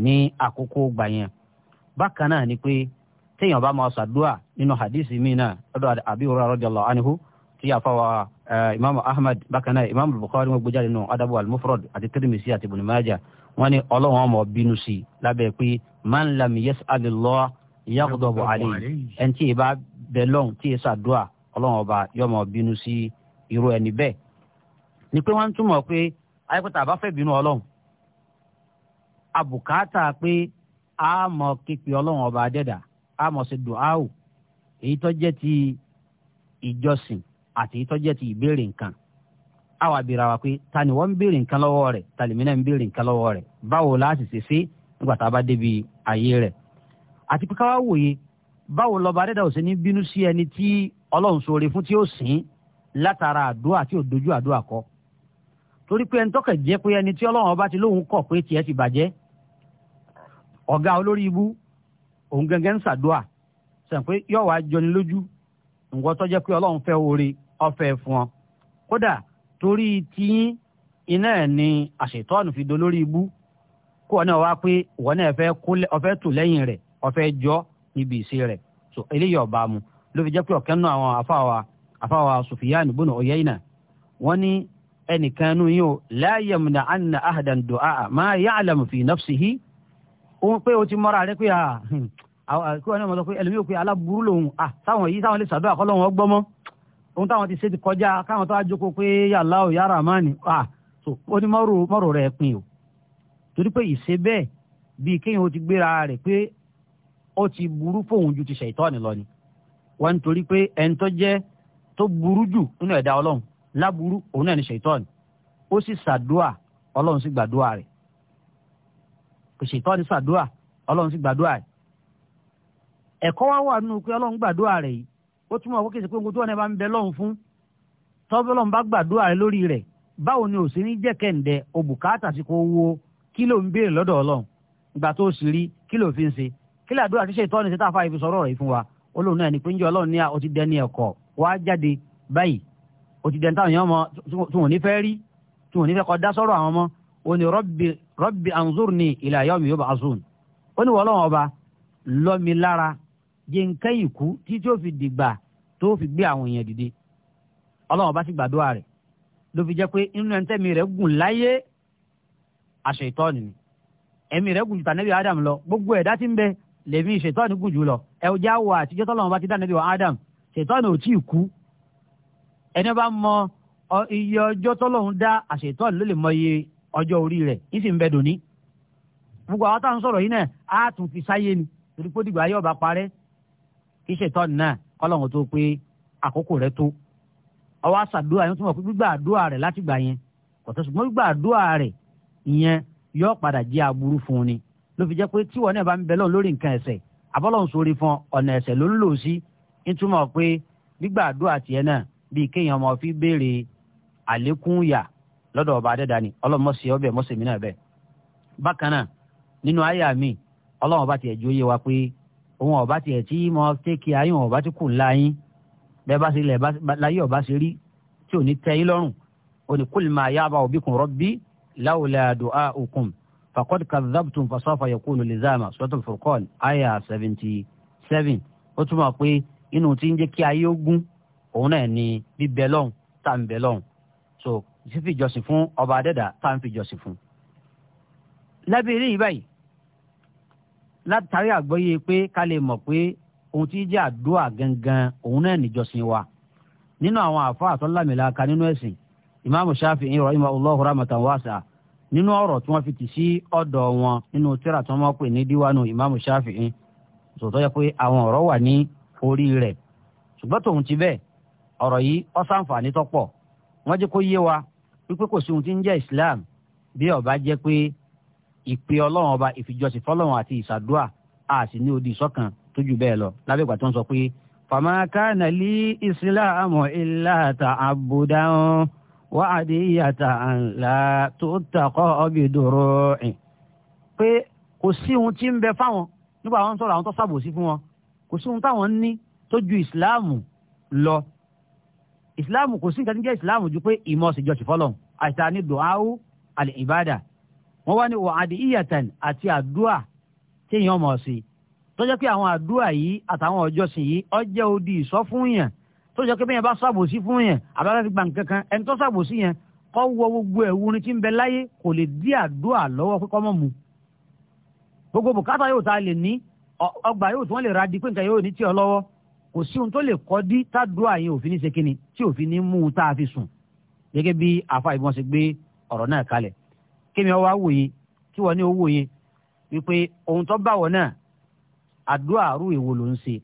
S3: ní àkókò gbà yẹn bákan náà ni pé téèyàn bá máa ṣàdúrà nínú hadisi mi náà lọ́dọ̀ Abi Hurairah radiyallahu anhu tí a imaamu Ahmad bákan náà imaamu Bukhari wọn gbéjáde nù adabu al-mufrad àti Tirmidhi àti Ibn Majah wọn ni ọlọ́run ọmọ bínú sí lábẹ́ pé man lam yas'alillah yaghdabu alayhi ẹni tí ìbá bẹ lọ́hùn tí ì ṣàdúà ọlọ́run ọba yóò máa bínú sí irú ẹni bẹ́ẹ̀ ni pé wọ́n ń túmọ̀ pé ayẹ́pẹ́tà àbá fẹ́ bínú ọlọ́run àbùkátà pé a mọ̀ képe ọlọ́run ọba adẹ́dà a mọ̀ sí duawu èyí tó jẹ́ ti ìjọsìn àti èyí tó jẹ́ ti ìbéèrè nǹkan a wà bìrà wa pé ta ni wọ́n ń béèrè nǹkan lọ́wọ́ rẹ̀ ta lèmi náà ń béèrè nǹkan lọ́wọ́ rẹ̀ báwo la sì ṣe ṣe nígbà tá a bá débi ayé rẹ̀ àti pé káwá wòye báwo lọ́ba adẹ́dàá òsè ní bínú sí ẹni tí ọlọ́run ṣoore fún tí ó sìn látara àdúrà tí ò dojú àdúrà kọ torí pé ẹni tọ́kẹ̀ jẹ́ pé ẹni tí ọlọ́run ọba ti lóun kọ̀ pé tiẹ̀ ti bàjẹ́ ọ̀gá olórí ibú òun gẹ́gẹ́ ń ṣàdúà sàn pé yóò wá jọni lójú nǹkan tó jẹ́ pé ọlọ́run fẹ́ oore ọ̀fẹ́ fún ọ kódà torí tiyín iná ẹ̀ ni àṣetọ́ọ̀nù fi dolórí ibú kó ọ náà wá pé ìwọ náà ọ̀fẹ́ tò lẹ́yìn rẹ̀ ọ̀fẹ́ jọ níbi ìṣe rẹ̀ so eléyìí ọba mu ló fi jẹ́ pé ọ̀kẹ́ nù àwọn afáwa afáwa Sufyan ibn Uyayna wọ́n ní ẹnìkan nù yín o la yamna anna ahadan du'a ma ya'lamu fi nafsihi òun pé o ti mọ́ra rẹ pé kí wọ́n ní ọmọdé pé ẹlòmíì ò pé aláburú lòun à ah, táwọn yìí táwọn lè sàdó àkọ́lọ́ wọn gbọ́mọ́ ohun táwọn ti ṣe ti kọjá káwọn tó á jókòó pé yàrá ò yàrá máa ní à so ó ní mọ́rò mọ́rò rẹ̀ pin o torí pé ìṣe bẹ́ẹ̀ bíi kéèyàn ó ti gbéra rẹ̀ pé ó ti burú fóun ju ti ṣètọ́ni lọ ni wọ́n ń torí pé ẹni tó jẹ́ tó burú jù nínú ẹ̀dá ọlọ́run láburú òun náà ni ṣètọ́ni ó sì ṣàdúà ọlọ́run sì gbàdúà rẹ̀ kò ṣètọ́ni ṣàdúà ọlọ́run sì gbàdúà rẹ̀ ẹ̀kọ́ wá wà nínú pé ọlọ́run gbàdúà rẹ̀ yìí ó túmọ̀ wọ́n kéde pé ohun tó wọn bá ń bẹ lọ́run fún tọ́bọ́lọ́n bá sì rí kí ló fi ń ṣe kílẹ̀ àdúrà ṣíṣe ìtọ́ni ṣe tá a fa ibi sọ̀rọ̀ rẹ̀ fún wa olóhùn náà ni pé ń jẹ́ ọlọ́run ní a ó ti dẹni ẹ̀kọ́ wá jáde báyìí ó ti dẹni táwọn èèyàn mọ tí wọn ò ní fẹ́ rí tí wọn ò ní fẹ́ kọ́ dá sọ̀rọ̀ àwọn ọmọ ó ní rọ́bì rọ́bì anzurni ila yawmi yub'asun ó ní wọ́n ọba lọ́mi lára jẹ́ nǹkan ìkú tí tí ó fi dìgbà tó fi gbé àwọn èèyàn dìde ọlọ́run ọba sì gbàdúrà rẹ̀ lèmi ṣètọ́ni gùn jùlọ lọ ẹ ò já àtijọ́ ti dá Adam ṣètọ́ni ò tí ì kú
S1: mọ iye
S3: ọjọ́ tọ́lọ́run dá àṣetọ́ni ló lè mọ iye ọjọ́ orí rẹ̀ yìí sì ń bẹ dòní. gbogbo àwọn táwọn sọ̀rọ̀ yìí náà fi sáyé ni yẹn tún pé gbígbà àdúrà yẹn gbígbà àdúrà ló fi jẹ́ pé tíwọ́ náà bá ń bẹ lọ́n lórí nǹkan ẹ̀ṣẹ̀ àbọ́lọ́hún sórí fún ọ̀nà ẹ̀ṣẹ̀ ló ń lò sí nítumọ̀ pé gbígbà àdúrà tiẹ̀ náà bíi kéèyàn ọmọ fi béèrè àlékún yà lọ́dọ̀ ọba adẹ́dá ni ọlọ́mọsí ọbẹ̀ mọ́sẹ̀mí náà bẹ́ẹ̀. bákan náà nínú àyà mi ọlọ́run ọba tiẹ̀ jó yé wa pé òun ọba tiẹ̀ tí mo tẹ́kì ayún ọba ti kù ńlá bẹ́ẹ̀ bá ṣe lẹ̀ láyé ọba ṣe rí tí ò ní tẹ́ yín lọ́rùn ó ní kul ma ya'ba'u bikum rabbi lawla du'a'ukum faqad kadhabtum fasafa yakunu lizama suratul furqan aya 77. seven ó túmọ̀ pé inú tí ń jẹ́ kí ayé ogun òun náà ni bíbẹ lọ́hùn tá ń bẹ lọ́hùn so fífi jọsìn fún ọba adẹ́dà tá à ń fi jọsìn fún. lábẹ́ eré yìí báyìí látàrí àgbọ́yé pé ká lè mọ̀ pé ohun tí jẹ́ àdúrà gangan òun náà níjọsìn wa nínú àwọn àfáà àtọ́lámìlà ka nínú ẹ̀sìn ìmáàmù Ṣáfi'í rahimahullahu rahmatan wasi'a nínú ọ̀rọ̀ tí wọ́n fi tì sí ọ̀dọ̀ wọn nínú tíra tí wọ́n máa pè ní díwánu ìmáàmù Ṣáfi'í sòtọ́ yẹ pé àwọn ọ̀rọ̀ wà ní orí rẹ̀ ṣùgbọ́n tòun ti bẹ́ẹ̀ ọ̀rọ̀ yìí ó ṣàǹfààní tó wọ́n jẹ́ kó yé wa wípé kò sí ohun tí ń jẹ́ Islam bí ó bá jẹ́ pé ìpè ọlọ́run ọba ìfijọ́sìn fọlọ́run àti ìsàdúà a sì ní odi ìṣọ̀kan tó jù bẹ́ẹ̀ lọ lábẹ́ tó ń sọ pé fàmákánà lí Islamu ìlà ta'abudan wàhádìíyàtà àǹlà tó takọ́ ọbì dòrò ẹ̀ pé kò sí ohun tí ń bẹ fáwọn nígbà wọn sọ̀rọ̀ àwọn tó ṣàbòsí fún wọn kò sí ohun táwọn ní tó ju ìsìláàmù lọ ìsìláàmù kò sí nǹkan tí ń jẹ́ ìsìláàmù ju pé ìmọ̀ ṣèjọ ti fọ́lọ̀ àti àní dùnáwó àlè ìbàdà wọ́n wá ní wàhádìíyàtà àti àdúà téèyàn mọ̀ sí tọ́jọ́ pé àwọn àdúà yìí àtàwọn ọjọ́sìn yìí ó jẹ́ ìsọfúnyàn tó jẹ́ pé bẹ́ẹ̀ bá ṣàbòsí fún yẹn àbára ti gba nǹkan kan ẹni tó ṣàbòsí yẹn kọ́ wọ gbogbo ẹ̀wù ni tí ń bẹ láyé kò lè dí àdúrà lọ́wọ́ pé kọ́ mu gbogbo bùkátà yóò ta lè ní ọgbà yóò tí wọ́n lè ra di pé nǹkan yóò ní tí ọ lọ́wọ́ kò sí ohun tó lè kọ́ dí tádùá yẹn òfin ní sekínì tí òfin ní mú un tá a fi sùn gẹ́gẹ́ bí afa ìbọn ṣe gbé ọ̀rọ̀ náà kalẹ̀ kémi ọwọ́ awòye kí wọ́n ní owóye wípé ohun tó bá wọ̀ náà àdúrà àrùn èwo ló ń ṣe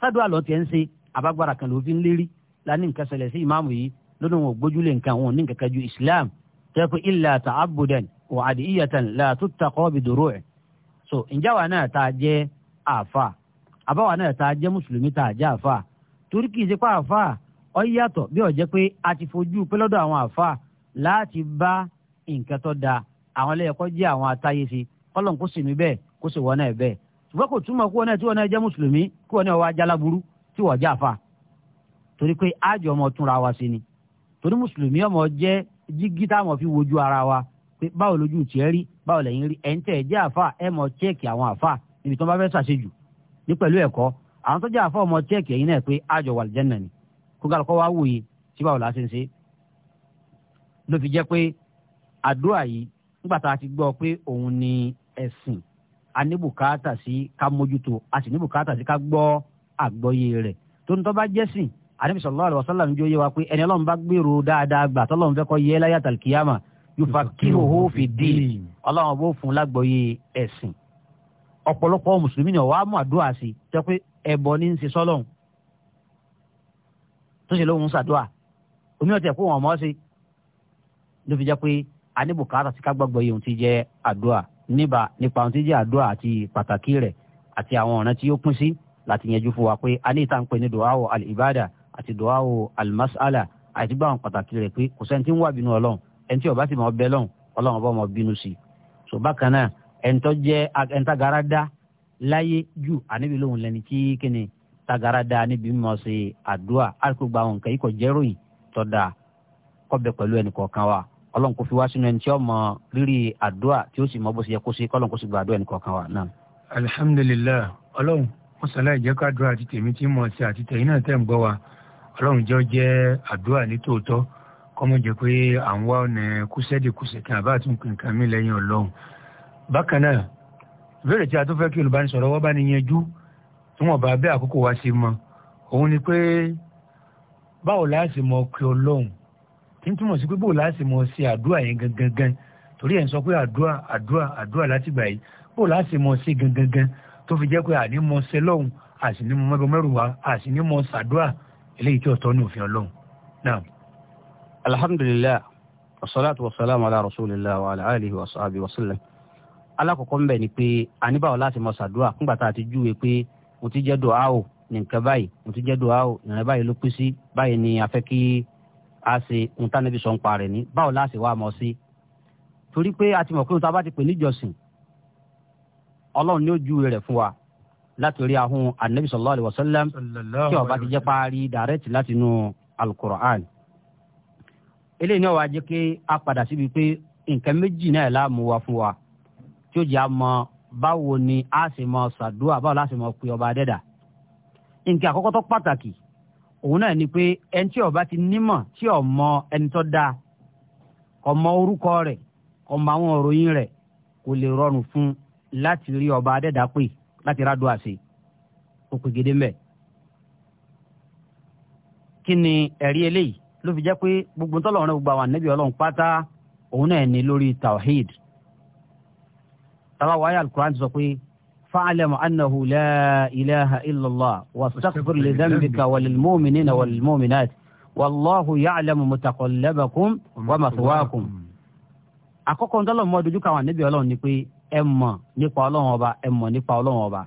S3: tádùá lọ́ọ́ tiẹ̀ ń ṣe abagbara kan ló fi ń lérí lani nǹkan ṣẹlẹ̀ sí ìmáàmù yìí lónìí wọn ò gbójúlé nǹkan wọn ní kankan ju islam tẹ́kù ilà ta wà á di takọ́ bi dòrò ẹ̀. so ǹjẹ́ wa náà ta jẹ́ àfa àbáwa náà ta jẹ́ mùsùlùmí ta jẹ́ àfa torí kì í ṣe pé àfa ọ yàtọ̀ bí ó jẹ́ pé a ti fojú pé lọ́dọ̀ àwọn àfa láti bá nǹkan tó da àwọn ẹlẹ́yẹkọ́ jẹ́ àwọn atáyé sí kọ́lọ̀ kó sì mí bẹ́ẹ̀ kó sì wọ́n náà bẹ́ẹ̀ ṣùgbọ́n kò túmọ̀ kó wọn náà tí wọn náà jẹ́ mùsùlùmí kó wọn náà wá jálábúrú tí wọ́n jáfa torí pé àjọ ọmọ túnra wa sí ni torí mùsùlùmí ọmọ jẹ́ jígí táwọn fi wojú ara wa pé báwo lójú tiẹ̀ rí báwo lẹ́yìn rí ẹ̀ ń tẹ̀ jẹ́ àfa ẹ̀ mọ chẹ́ẹ̀kì àwọn àfa níbi tí wọ́n bá fẹ́ ṣàṣejù ní pẹ̀lú ẹ̀kọ́ àwọn tó jẹ́ àfa ọmọ chẹ́ẹ̀kì ẹ̀yin náà pé àjọ wà lìjẹ́nà ni kó gàlù kọ́ wá wòye tí báwo la ṣe ń ṣe ló fi jẹ́ pé àdúrà yìí nígbà tá a ti gbọ́ pé òun ni ẹ̀sìn a ní bùkátà sí ká mójútó a sì ní bùkátà sí ká gbọ́ àgbọ́yé rẹ̀ tó ń tọ́ bá jẹ́sìn ànábì sallallahu alaihi wasallam ń jó yé wa pé ẹni ọlọ́run bá gbèrò dáadáa gbà tọ́lọ́run fẹ́ kọ́ yé láyà tàlkìyàmà yufaqihuhu fi din ọlọ́run bó fún lágbọ́yé ẹ̀sìn ọ̀pọ̀lọpọ̀ mùsùlùmí ni ọ̀wá mú àdúrà sí tẹ́ pé ẹ̀bọ ní ń ṣe sọ́lọ́run tó ṣe lóhun ṣàdúrà omi ọ̀tẹ̀ kó wọn mọ́ sí ló fi jẹ́ pé a sí ká yìí ohun tí jẹ́ àdúrà níbà nípa ohun tí jẹ́ àdúrà àti pàtàkì rẹ̀ àti àwọn ọ̀ràn tí ó pín sí láti yẹjú fún wa pé a ní ìta ń pè ní duawo al-ibada àti duawo al-mas'ala àti báwọn pàtàkì rẹ̀ pé kò sẹ́ni tí ń wà bínú ọlọ́run ẹni tí ó bá sì mọ̀ bẹ́ lọ́run ọlọ́run ọba mọ̀ bínú sí i so bákan náà ẹni tó jẹ́ ẹni tagara dá láyé jù àníbi lóhùn lẹ́ni tí kíni tagara dá níbi mímọ́ sí àdúrà àti gbogbo àwọn nǹkan ikọ̀ jẹ́ròyìn tó dáa kọ́bẹ̀ pẹ̀lú ẹnì kọ̀ọ̀kan wa ọlọ́run kò fi wá sínú ẹni tí ó
S2: wọ́n ṣàlàyé jẹ́ kádùá àti tèmi tí mo ṣe àti tẹ̀yìn náà tẹ̀ ń gbọ́ wa ọlọ́run jọ jẹ́ àdúrà ní tòótọ́ kọ́mọ jẹ́ pé à ń wá ọ̀nà kúṣẹ́dì kúṣẹ̀kẹ́ àbá àti nǹkan mi lẹ́yìn ọlọ́run bákan náà ìbéèrè tí a tó fẹ́ kí olùbánisọ̀rọ̀ wọ́n bá ní yanjú tí wọ́n bá bẹ́ àkókò wá sí mọ́ òun ni pé báwo la ṣe mọ̀ pé ọlọ́run tí ń túmọ̀ sí pé báwo la ṣe ṣe àdúrà yẹn gangan torí ẹ̀ ń sọ pé àdúrà àdúrà àdúrà látìgbà yìí báwo la ṣe ṣe gangan tó fi jẹ́ pé àní mọ sẹlọ́hún àsì ní mọ mẹ́rù wa àsì ní mọ sàdúà eléyìí tí ọ̀tọ́ ní òfin ọlọ́run náà. alhamdulilayi
S3: wasalaatu wasalaamu ala rasulillah wa ala alihi wa sahabi wa sallam alakoko ń bẹ ni pé àníbàwọ̀ láti mọ sàdúà fúngbà tá a júwe pé mo ti jẹ́ dùn áwò ní báyìí mo ti jẹ́ dùn áwò ìrìn báyìí ló pín sí báyìí ni a fẹ́ kí a ṣe nǹkan níbi sọ ń parẹ́ ní báwo láti wá mọ̀ sí torí pé a ti mọ̀ pé òun bá ti pè níjọsìn ọlọ́run ní ó ju rẹ̀ fún wa látòrí ahun anabi sallallahu alayhi wa sallam tí ó bá ti jẹ́ parí dàrẹ́tì láti inú alukur'an eléyìí náà wàá jẹ́ pé a padà síbi pé nǹkan méjì náà láàmú wa fún wa tí ó jẹ́ àmọ́ báwo ni a sì mọ ṣàdúrà báwo la sì mọ pé ọba adẹ́dà nǹkan àkọ́kọ́ tó pàtàkì òun náà ni pé ẹni tí ó ti nímọ̀ tí ó ẹni tó dáa kò mọ orúkọ rẹ̀ kò mọ àwọn òròyìn rẹ̀ kò lè rọrùn fún láti rí ọba adẹ́dá pè láti rádùn àṣẹ òkè gèdè mbẹ. kí ni ẹ̀rí eléyìí ló fi jẹ́ pé gbogbo tọ́lọ̀ ọ̀rẹ́ gbogbo àwọn ànábì ọlọ́run pátá òun náà ní lórí tawhid. tàbá wáyà alukur'an ti sọ pé fa'alamu annahu la ilaha illallah wa astaghfir li dhanbika wa lil mu'minina wa lil mu'minat wallahu ya'lamu mutaqallabakum wa mathwaakum. Mm. àkọ́kọ́ tọ́lọ̀ mọ́ dojú kàwọn ànábì ọlọ́run ni pé ẹ mọ̀ nípa ọlọ́run ọba ẹ mọ̀ nípa ọlọ́run ọba.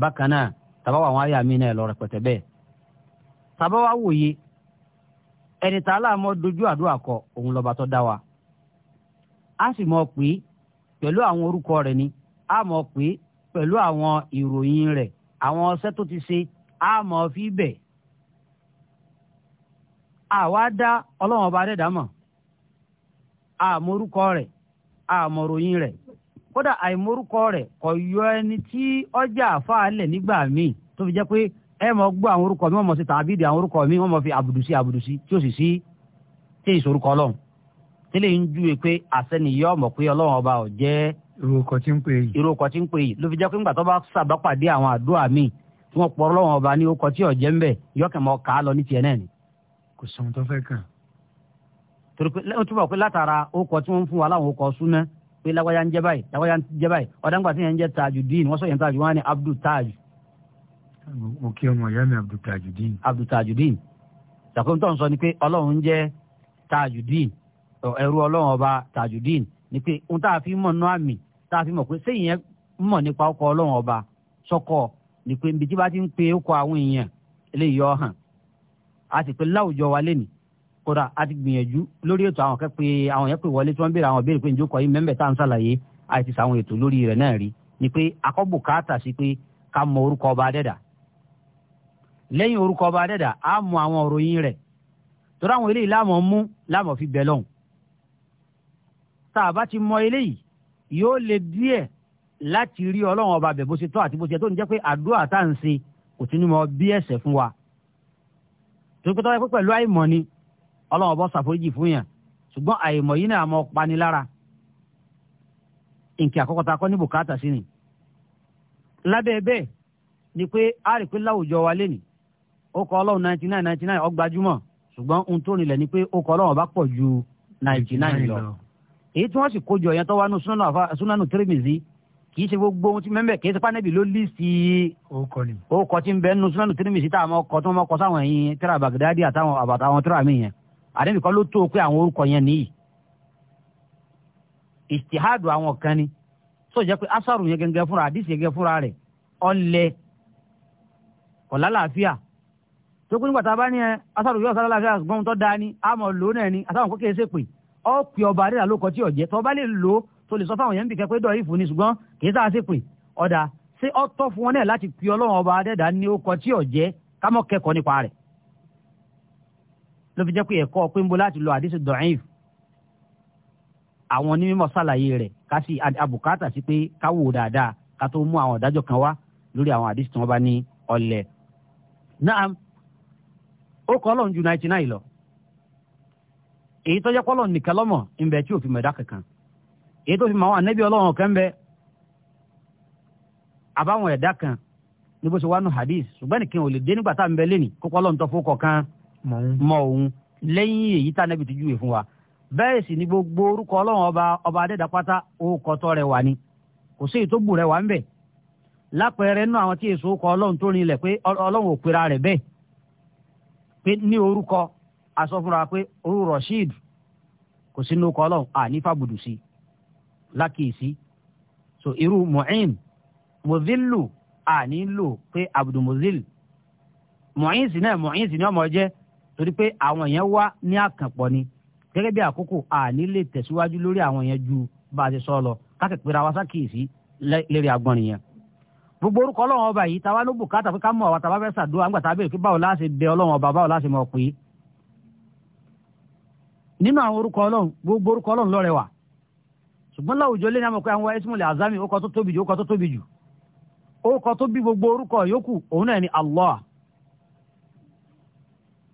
S3: bákan náà tàbá wà wọn àyà mi náà lọ rẹpẹtẹ bẹ́ẹ̀ tàbá wà wòye ẹni tá a láàmú dojú àdúrà kọ òun lọ́ba tó dá wa a sì mọ̀ pé pẹ̀lú àwọn orúkọ rẹ̀ ni a mọ̀ pé pẹ̀lú àwọn ìròyìn rẹ̀ àwọn ọṣẹ́ tó ti ṣe a mọ̀ fi bẹ̀ àwa dá ọlọ́run ọba adẹ́dàmọ̀ àmọ́ orúkọ rẹ̀ àmọ̀ròyìn rẹ̀ kódà àìmorúkọ rẹ̀ kò yọ ẹni tí ọjà àfàálẹ̀ nígbà míì tó fi jẹ́ pé ẹ mọ̀ gbọ́ àwọn orúkọ mi wọ́n mọ̀ sí tàbídì àwọn orúkọ mi wọ́n mọ̀ fi àbùdùsí àbùdùsí tí ó sì sí tí ìsorúkọ ọlọ́run tẹ́lẹ̀ ń júwe pé àsẹnìyẹ́ ọmọ pé ọlọ́run ọba ò jẹ́ irúkọ tí ń pè yìí irúkọ tí ń pè yìí ló fi jẹ́ pé ńgbà tó bá sàbápàdé àwọn àdúrà míì tí wọ́n pọ̀ ọlọ́run ọba ní orúkọ tí ò jẹ́ ńbẹ̀ yọkẹ̀mọ́ kàá lọ ní tiẹ̀ náà ni.
S2: kò sóhun tó fẹ́ kàn
S3: torí pé ó túbọ̀ pé látara okọ̀ tí wọ́n ń fún wa láwọn okọ̀ súná pé lágbájá ń jẹ́ báyìí lágbájá ń jẹ́ báyìí ọ̀dàǹgbà tí yẹn ń jẹ́ tajudeen wọ́n sọ yẹn tajudeen wọ́n á ní abdul taj. mo kí ọmọ ìyá mi abdul tajudeen. abdul tajudeen ṣàkóso tó ń sọ ni pé ọlọ́run jẹ́ tajudeen ẹrú ọlọ́run ọba tajudeen ni pé ohun tá a fi mọ̀ nú àmì tá a fi mọ̀ pé sẹ́yìn yẹn mọ̀ nípa ọkọ̀ ọlọ́run ọba sọ́kọ̀ ni pé ibi tí ti ń pe ọkọ̀ àwọn èèyàn eléyìí ọ̀hàn a sì pé láwùjọ wa lénìí kódà a ti gbìyànjú lórí ètò àwọn akẹ́pẹ́ àwọn yẹn pè wọlé tí wọ́n béèrè àwọn béèrè pé njó kọ́ yìí mẹ́mbẹ́ tá à ń ṣàlàyé àti sàwọn ètò lórí rẹ̀ náà rí ni pé akọ́bù káàtà sí pé ká mọ orúkọ ọba adẹ́dà lẹ́yìn orúkọ ọba adẹ́dà á mọ àwọn òròyìn rẹ̀ torí àwọn eléyìí láàmọ̀ mú láàmọ̀ fi bẹ̀ lọ́hùn tá ti mọ eléyìí yóò le díẹ̀ láti rí ọlọ́run ọlọ́wọ́ bọ́ ṣàforíjì fún yàn ṣùgbọ́n àìmọ̀ yìí náà mọ̀ pani lára nkì àkọ́kọ́ ta kọ́ ní bùkátà sí ni. lábẹ́ bẹ́ẹ̀ ni pé a rí pé láwùjọ wa lé ní ó kọ́ ọlọ́run ninety nine ninety nine ọgbàjúmọ̀ ṣùgbọ́n ohun tó nílẹ̀ ni pé ó kọ́ ọlọ́run bá pọ̀ ju ninety nine lọ. èyí tí wọ́n sì kó jọ yẹn tó wá nù súnánù Tirmidhi kì í ṣe gbogbo ohun tí mẹ́mẹ́ kì í ṣe pánẹ́bì ló líìsì ó kọ́ tí ń bẹ́ẹ̀ nù súnánù Tirmidhi tá a tó mọ̀ kọ́ sáwọn ẹ̀yìn tíra Baghdadi àdébìkan ló tó o pé àwọn orúkọ yẹn nìyí ìtìhádù àwọn kan ni tó jẹ́ pé asaru yẹn gẹ́gẹ́ fúnra àdìsí yẹn gẹ́gẹ́ fúnra rẹ̀ ọ̀lẹ ọ̀là tó kún nígbà tá a bá ní ẹ asaru yóò sára gbọ́n tó ni náà ni àtàwọn ọ́ pè ọba rírà ló kọ́ tí ò jẹ́ tó bá lè lò ó tó lè sọ fáwọn yẹn ń bìkẹ́ pé dọ̀ ìfún ni ṣùgbọ́n ọ̀dà ṣé ọ́ tọ́ fún wọn náà láti ọba adẹ́dàá ní ó tí ò jẹ́ kámọ́ kẹ́kọ̀ọ́ nípa ló fi jẹ́ pé ẹ̀kọ́ pé ń bo láti lo àdísù àwọn onímọ̀ sàlàyé rẹ̀ ká sì àbùkátà sí pé ká wò dáadáa ká tó mú àwọn ìdájọ́ kan wá lórí àwọn àdísù tí wọ́n bá ní ọlẹ̀. náà ó kọ́ lọ́n ju náìtì lọ èyí tó jẹ́ nìkan kan bẹ àbáwọn ẹ̀dá kan níbo ṣe wá nù hadith ṣùgbọ́n mọ òun lẹ́yìn èyí tá nẹ́bi ti júwe fún wa bẹ́ẹ̀ sì ni gbogbo orúkọ ọlọ́run ọba ọba pata o kọtọ rẹwà ni kò sí èyí tó rẹwà ń bẹ̀ lápẹẹrẹ nínú àwọn tí èso kọ ọlọ́run tó ilẹ pé ọlọ́run ò pera rẹ̀ bẹ́ẹ̀ pé ní orúkọ pé orú Rasheed kò fàbùdù so irú lò pé sí náà sí ni ọmọ jẹ́ torí pé àwọn yẹn wá ní àkànpọ̀ ni gẹ́gẹ́ bí àkókò àní lè tẹ̀síwájú lórí àwọn yẹn ju bá a ti sọ lọ káàkiri pera wa sákìyèsí lérí agbọ́nrin yẹn gbogbo orúkọ ọlọ́run ọba yìí táwa ló bùkátà pé ká mọ̀ àwa táwa fẹ́ sàdúrà ńgbà táwa béèrè pé báwo láti bẹ ọlọ́run ọba báwo láti mọ̀ pé nínú àwọn orúkọ ọlọ́run gbogbo orúkọ ọlọ́run lọ́rẹ̀wà ṣùgbọ́n láwùjọ lé ní àwọn Allah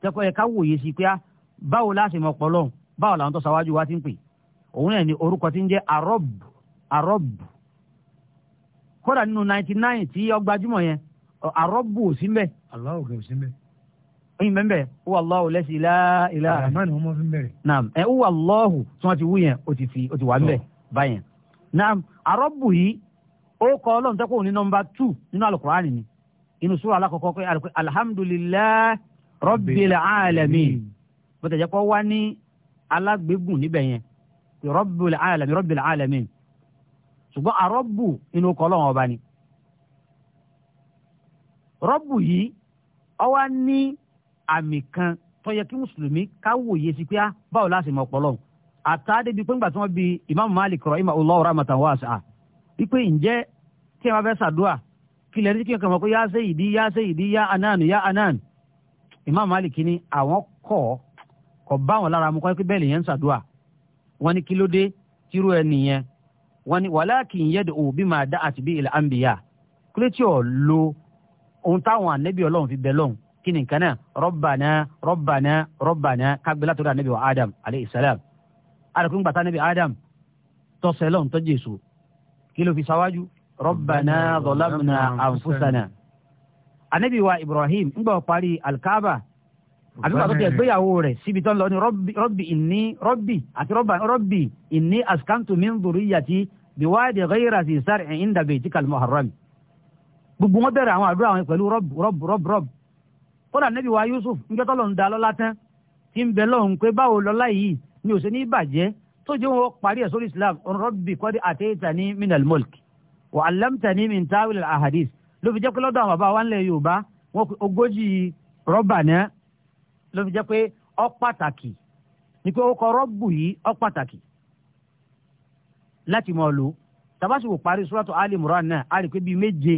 S3: tẹ́kọ̀ yẹ ká wòye sí pé ah, báwo láti mọ̀ pọ̀lọ́ báwo làwọn tó ṣáwájú wa ti ń pè òun náà ni orúkọ ti ń jẹ́ arọ́b arọ́b kódà nínú ninety nine tí ó gbajúmọ̀ yẹn arọ́bù ò sí mbẹ́. aláwọ̀ kẹ́ ò sí mbẹ́. oyin bẹ́ẹ̀ bẹ́ẹ̀ ó wà lẹ́sìn ilá ilá. àmọ́ ni wọ́n mọ́ fi ń bẹ̀rẹ̀. naam ẹ ó wà tí wọ́n ti wú yẹn ó ti fi ó ti wà ń báyẹn. naam arọ́bù yìí ó kọ ọlọ́run tẹ́kọ̀ òní nọmba two nínú alukur'ani ni inú sura alákọ̀ọ́kọ́ pé alhamdulilayi Rabbil alamin bó tẹ̀jẹ́ kọ́ wá ní alágbégùn níbẹ̀ yẹn Rabbil alamin Rabbil alamin ṣùgbọ́n àrọ́bù inú ọkọ̀ ọlọ́run ọba ni rọ́bù yìí ó wá ní àmì kan tó yẹ kí mùsùlùmí ká wòye sí pé á ah, báwo láti mọ̀ ọ̀pọ̀ lọ́hùn àtàdé bíi pé ńgbà tí wọ́n bi Imam Malik rahimahullahu rahmatan wasi'a wípé ǹjẹ́ tí ẹ bá fẹ́ ṣàdúà kí lẹ́ni kí ẹ kàn mọ̀ pé yá Sayyidi yá Sayyidi yá Anan yá Anan imam malik ní àwọn kọ̀ kọ̀ bá wọn lára mu kọ́ pé bẹ́ẹ̀ lèyẹn ń ṣàdúrà wọ́n ní kí ló dé tírú ẹ nìyẹn wọ́n ní walakin yad'u bima da'at bi il anbiya kílẹ̀tì ọ̀ lo ohun táwọn ànẹ́bí ọlọ́run fi bẹ lọ́hùn kí ni nǹkan náà rabbana rabbana rabbana kágbélá tó dá ànẹ́bí wa adam aleyhi salam alẹ́kùn gbàtà ànẹ́bí adam tọ́sẹ̀ lọ́hùn tọ́jú èso kí ló fi ṣáwájú rabbana zalamna anfusana anabi wa ibrahim ń gbà parí alkaaba àbí wàá tó tiẹ̀ gbéyàwó rẹ̀ síbi tó ń lọ ní rọ́bì ìní rọ́bì àti rọ́bì ìní askantu min dhurriyyati biwadi ghayra zi sar'in inda baytikal muharram gbogbo wọn bẹ̀rẹ̀ àwọn àdúrà wọn pẹ̀lú rọ́bù rọ́bù rọ́bù rọ́bù kódà nabi wa yusuf ń jọ́tọ́ lọ́n da lọ́lá tán tí ń bẹ lọ́hùn pé báwo lọ́lá yìí ni ò ṣe ní bàjẹ́ tó jẹ́ wọn parí ẹ̀ sórí islam rọ́bì qad ataytani minal mulk wa allamtani min ta'wil al ló fi jẹ́ pé lọ́dọ̀ àwọn bàbá wa ńlẹ̀ yorùbá wọn ogójì rọ́bà náà ló fi jẹ́ pé ó pàtàkì ni pé ó kọ rọ́bù yìí ó pàtàkì láti mọ̀ lò tabasiwo parí suratu ali imran náà a rí pé bíi méje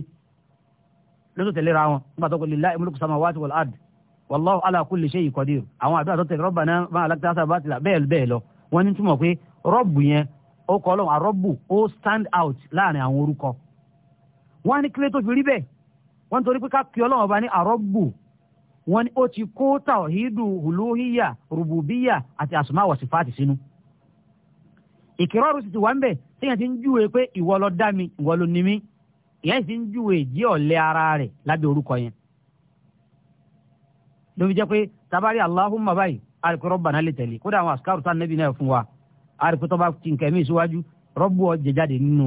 S3: lọ́dọ̀ tẹ̀léra wọn nígbà tó kọ lillahi mulku samawati wal ard wallahu ala kulli shay'in qadir àwọn àdúrà tó tẹ̀lé rọ́bà náà máa alákítà sábà tìlà bẹ́ẹ̀ bẹ́ẹ̀ lọ wọ́n ní túmọ̀ pé rọ́bù yẹn ó kọ́ ọlọ́run àrọ́bù ó stand out láàrin àwọn orúkọ wọ́n á ní kílé tó fi rí bẹ́ẹ̀ wọ́n nítorí pé ká kí ọlọ́run ọba ní àrọ́bù wọ́n ní ó ti kó tàwíìdù hùlùhíyà rùbùbíyà àti àsùnmá wọ̀sí fáàtì sínú. ìkírọ́rù sì ti wà ń bẹ̀ téèyàn ti ń júwe pé ìwọ ló dá mi ìwọ ló ní mí ìyẹn sì ń júwe jẹ́ ọ̀lẹ́ ara rẹ̀ lábẹ́ orúkọ yẹn. ló fi jẹ́ pé tabari Allahumma báyìí àríkú rọ́bànà lè tẹ̀lé kódà àwọn àsìkárù tá nàbì náà fún wa àríkú tó bá ti nkẹ́mí síwájú rọ́bù ọ̀ jẹjáde nínú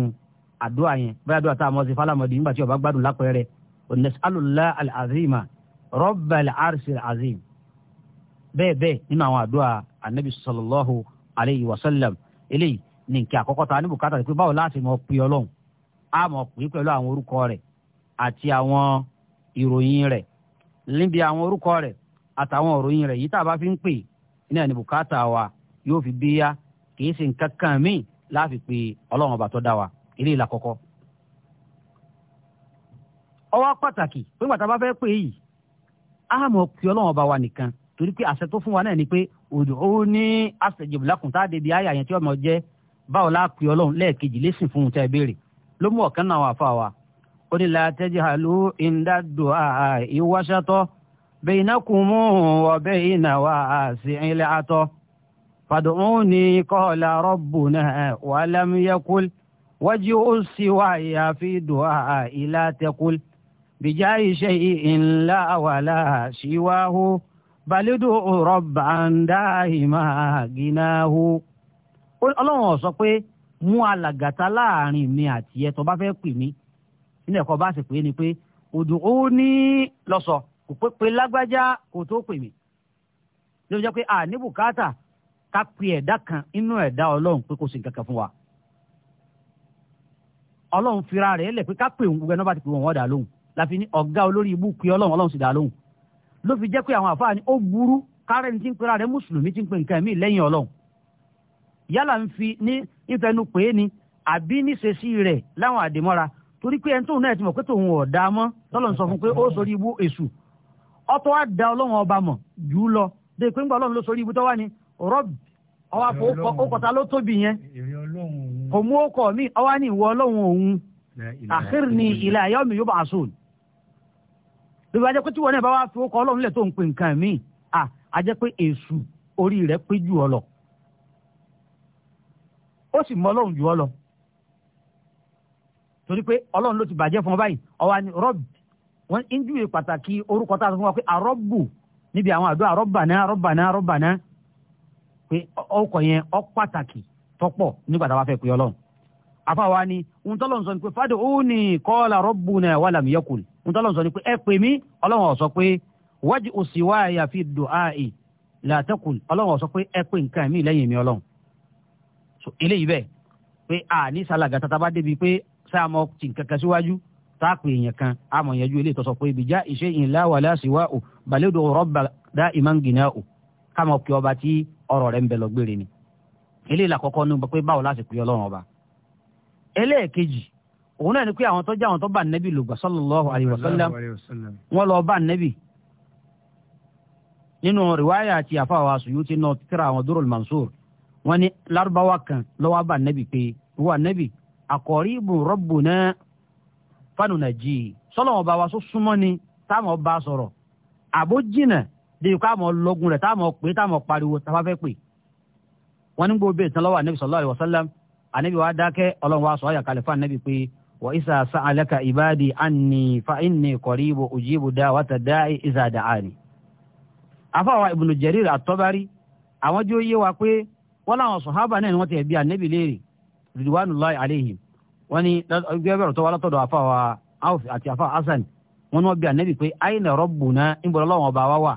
S3: àdúrà yẹn bóyá àdúrà tá a mọ̀ sí fálámọ̀dì nígbà tí ọba gbádùn lápẹ̀rẹ̀ onesalula alazima rọ́bàlì arsil azim bẹ́ẹ̀ bẹ́ẹ̀ nínú àwọn àdúrà anabi sallallahu alayhi wa sallam eléyìí ní nkẹ́ àkọ́kọ́ ta ní bùkátà pé báwo láti mọ̀ pé ọlọ́run á mọ̀ pé pẹ̀lú àwọn orúkọ rẹ̀ àti àwọn ìròyìn rẹ̀ níbi àwọn orúkọ rẹ̀ àtàwọn ìròyìn rẹ̀ yìí tá a bá fi ń wa yóò fi bíyá kì í sì láàfin pé ọlọ́run ọba tó dá wa. ilé ìlà kọ̀kọ́. ọwọ́ pàtàkì pé bàtà bá fẹ́ pè é yìí àmọ́ kí ọlọ́run ọba wa nìkan torí pé àṣẹ tó fún wa náà ni pé òdò ó ní àṣẹjìbù lákùn débi ayé àyẹn tí ọmọ jẹ báwo la pè ọlọ́run lẹ́ẹ̀kejì lẹ́sìn fún un tẹ́ ẹ béèrè ló mú ọ̀kan náà wà fà ó ní látẹ́jì àlú ìndádò ìwáṣátọ́ bẹ́ẹ̀ iná kù mú ọbẹ̀ iná wa sí ilé atọ́ fàdùn ó ní kọ́ ọ̀la rọ́bù náà wájú ó sì wá ìyàfi dùn á ìlà tẹkùl bìjà iṣẹ ìlà wàlà síwáhó balidu rọba ndáhìmá gínáhó. ọlọ́run ó sọ pé mú alàgàtà láàrin mi àti ẹ tó bá fẹ́ pè mí nínú ẹ̀kọ́ bá sì pé ni pé odò ó ní lọ́sọ̀ kò pé pé lágbájá kò tó pè mí ló jẹ́ pé àní bùkátà ká pe ẹ̀dá kan inú ẹ̀dá ọlọ́run pé kò sí kankan fún wa ọlọ́run fira rẹ̀ lẹ̀ pé ká pè òun gbogbo ẹni bá ti pè wọ́n dà lóhùn láfi ní ọ̀gá olórí ibú pé ọlọ́run ọlọ́run sì dà lóhùn ló fi jẹ́ pé àwọn àfáà ni ó burú kárẹ́ ní ti ń pera rẹ̀ mùsùlùmí ti ń pè nǹkan míì lẹ́yìn ọlọ́run yálà ń fi ní ìfẹnu pè é ni àbí níṣesí rẹ̀ láwọn àdèmọ́ra torí pé ẹni tóun náà ti mọ̀ pé tòun ò mọ́ lọ́lọ́run sọ fún pé ó sórí ibú èṣù ọtọ́ wa da ọlọ́run ọba mọ̀ jù ú lọ dé pé ń ọlọ́run ló sórí ibú tó wá ni rọ́bì ọwọ́ àpò ó kọta ló tóbi yẹn.
S2: èrè ọlọ́run
S3: kò mú ó kọ̀ mí ọwá ní ìwọ ọlọ́run òun
S2: àkírí ni ilé
S3: ayé ọmọ yóò bá a sùn bí wọ́n á jẹ́ pé tí wọ́n náà bá wá fi ó kọ́ ọlọ́run lẹ̀ tó ń pè nǹkan mí à á jẹ́ pé èṣù orí rẹ̀ pé jù ọ lọ ó sì mọ ọlọ́run jù ọ lọ torí pé ọlọ́run ló ti bàjẹ́ fún ọ báyìí ọwá ni rọ́bì wọ́n ń júwe pàtàkì orúkọ tá a sọ fún wa pé àrọ́bù níbi tọ́pọ̀ nígbà tá a bá fẹ́ pè ọlọ́run afáwa ni ohun tọ́lọ̀ ń sọ ni pé fádé ó ní kọ́ọ̀lá rabbuna wà lam yakul ohun tọ́lọ̀ ń sọ ni pé ẹ pè mí ọlọ́run ó sọ pé wájú òsì wá àyà fi du'a'i la takul ọlọ́run sọ pé ẹ pè nǹkan mi lẹ́yìn mi ọlọ́run so eléyìí bẹ́ẹ̀ pé a ní sàlàgà tata bá débi pé sáà mọ tì kankan síwájú táàpù èèyàn kan àmọ̀ ìyẹn ju eléyìí tó sọ pé ibi já ìṣe ìlà wà láṣìwá ò bàlẹ́dọ̀ rọ́bà dá ìmáǹgìnà ò káàmọ̀ kí ọba tí ọ̀rọ̀ rẹ̀ ń bẹ lọ gbére ni eléyìí làkọ́kọ́ ní pé báwo láti pè ọlọ́run ọba ẹlẹ́ẹ̀kejì òun náà ni pé àwọn tó jẹ́ àwọn tó bá nẹ́bì lògbà sallallahu alaihi wasallam wọ́n lọ bá nẹ́bì nínú rìwáyà àti àfàwà Suyuti náà tíra àwọn Durrul Mansur wọ́n ní lárúbáwá kan lọ́wọ́ bá nẹ́bì pé wà nẹ́bì aqaribun rabbuna fanunajji sọ́lọ́wọ́n bá wa sọ súnmọ́ ni táwọn bá sọ̀rọ̀ àbójìnà dèkọ́ àmọ́ lọ́gùn rẹ̀ táwọn pè táwọn pariwo táwọn fẹ́ pè wọn ní gbogbo ìtàn lọ́wọ́ anabi sallallahu alayhi wa sallam anabi wa dákẹ́ ọlọ́run wa sọ ayà kalẹ̀ fún anabi pé wa isa sa'alaka ibadi anni fa inni qaribu ujibu da'wata da'i iza da'ani. afáwa ibnu jarir at-tabari àwọn jó yé wa pé wọn làwọn sọ̀hábà náà ni wọ́n ti bí anabi léèrè ridwanullahi alayhim wọn ni gbẹ́bẹ̀rẹ̀ tó wà látọ̀dọ̀ afáwa auf àti afáwa hasan wọn ni wọ́n bí anabi pé ayna rabbuna ń bọ̀ lọ́wọ́ ọba wa wà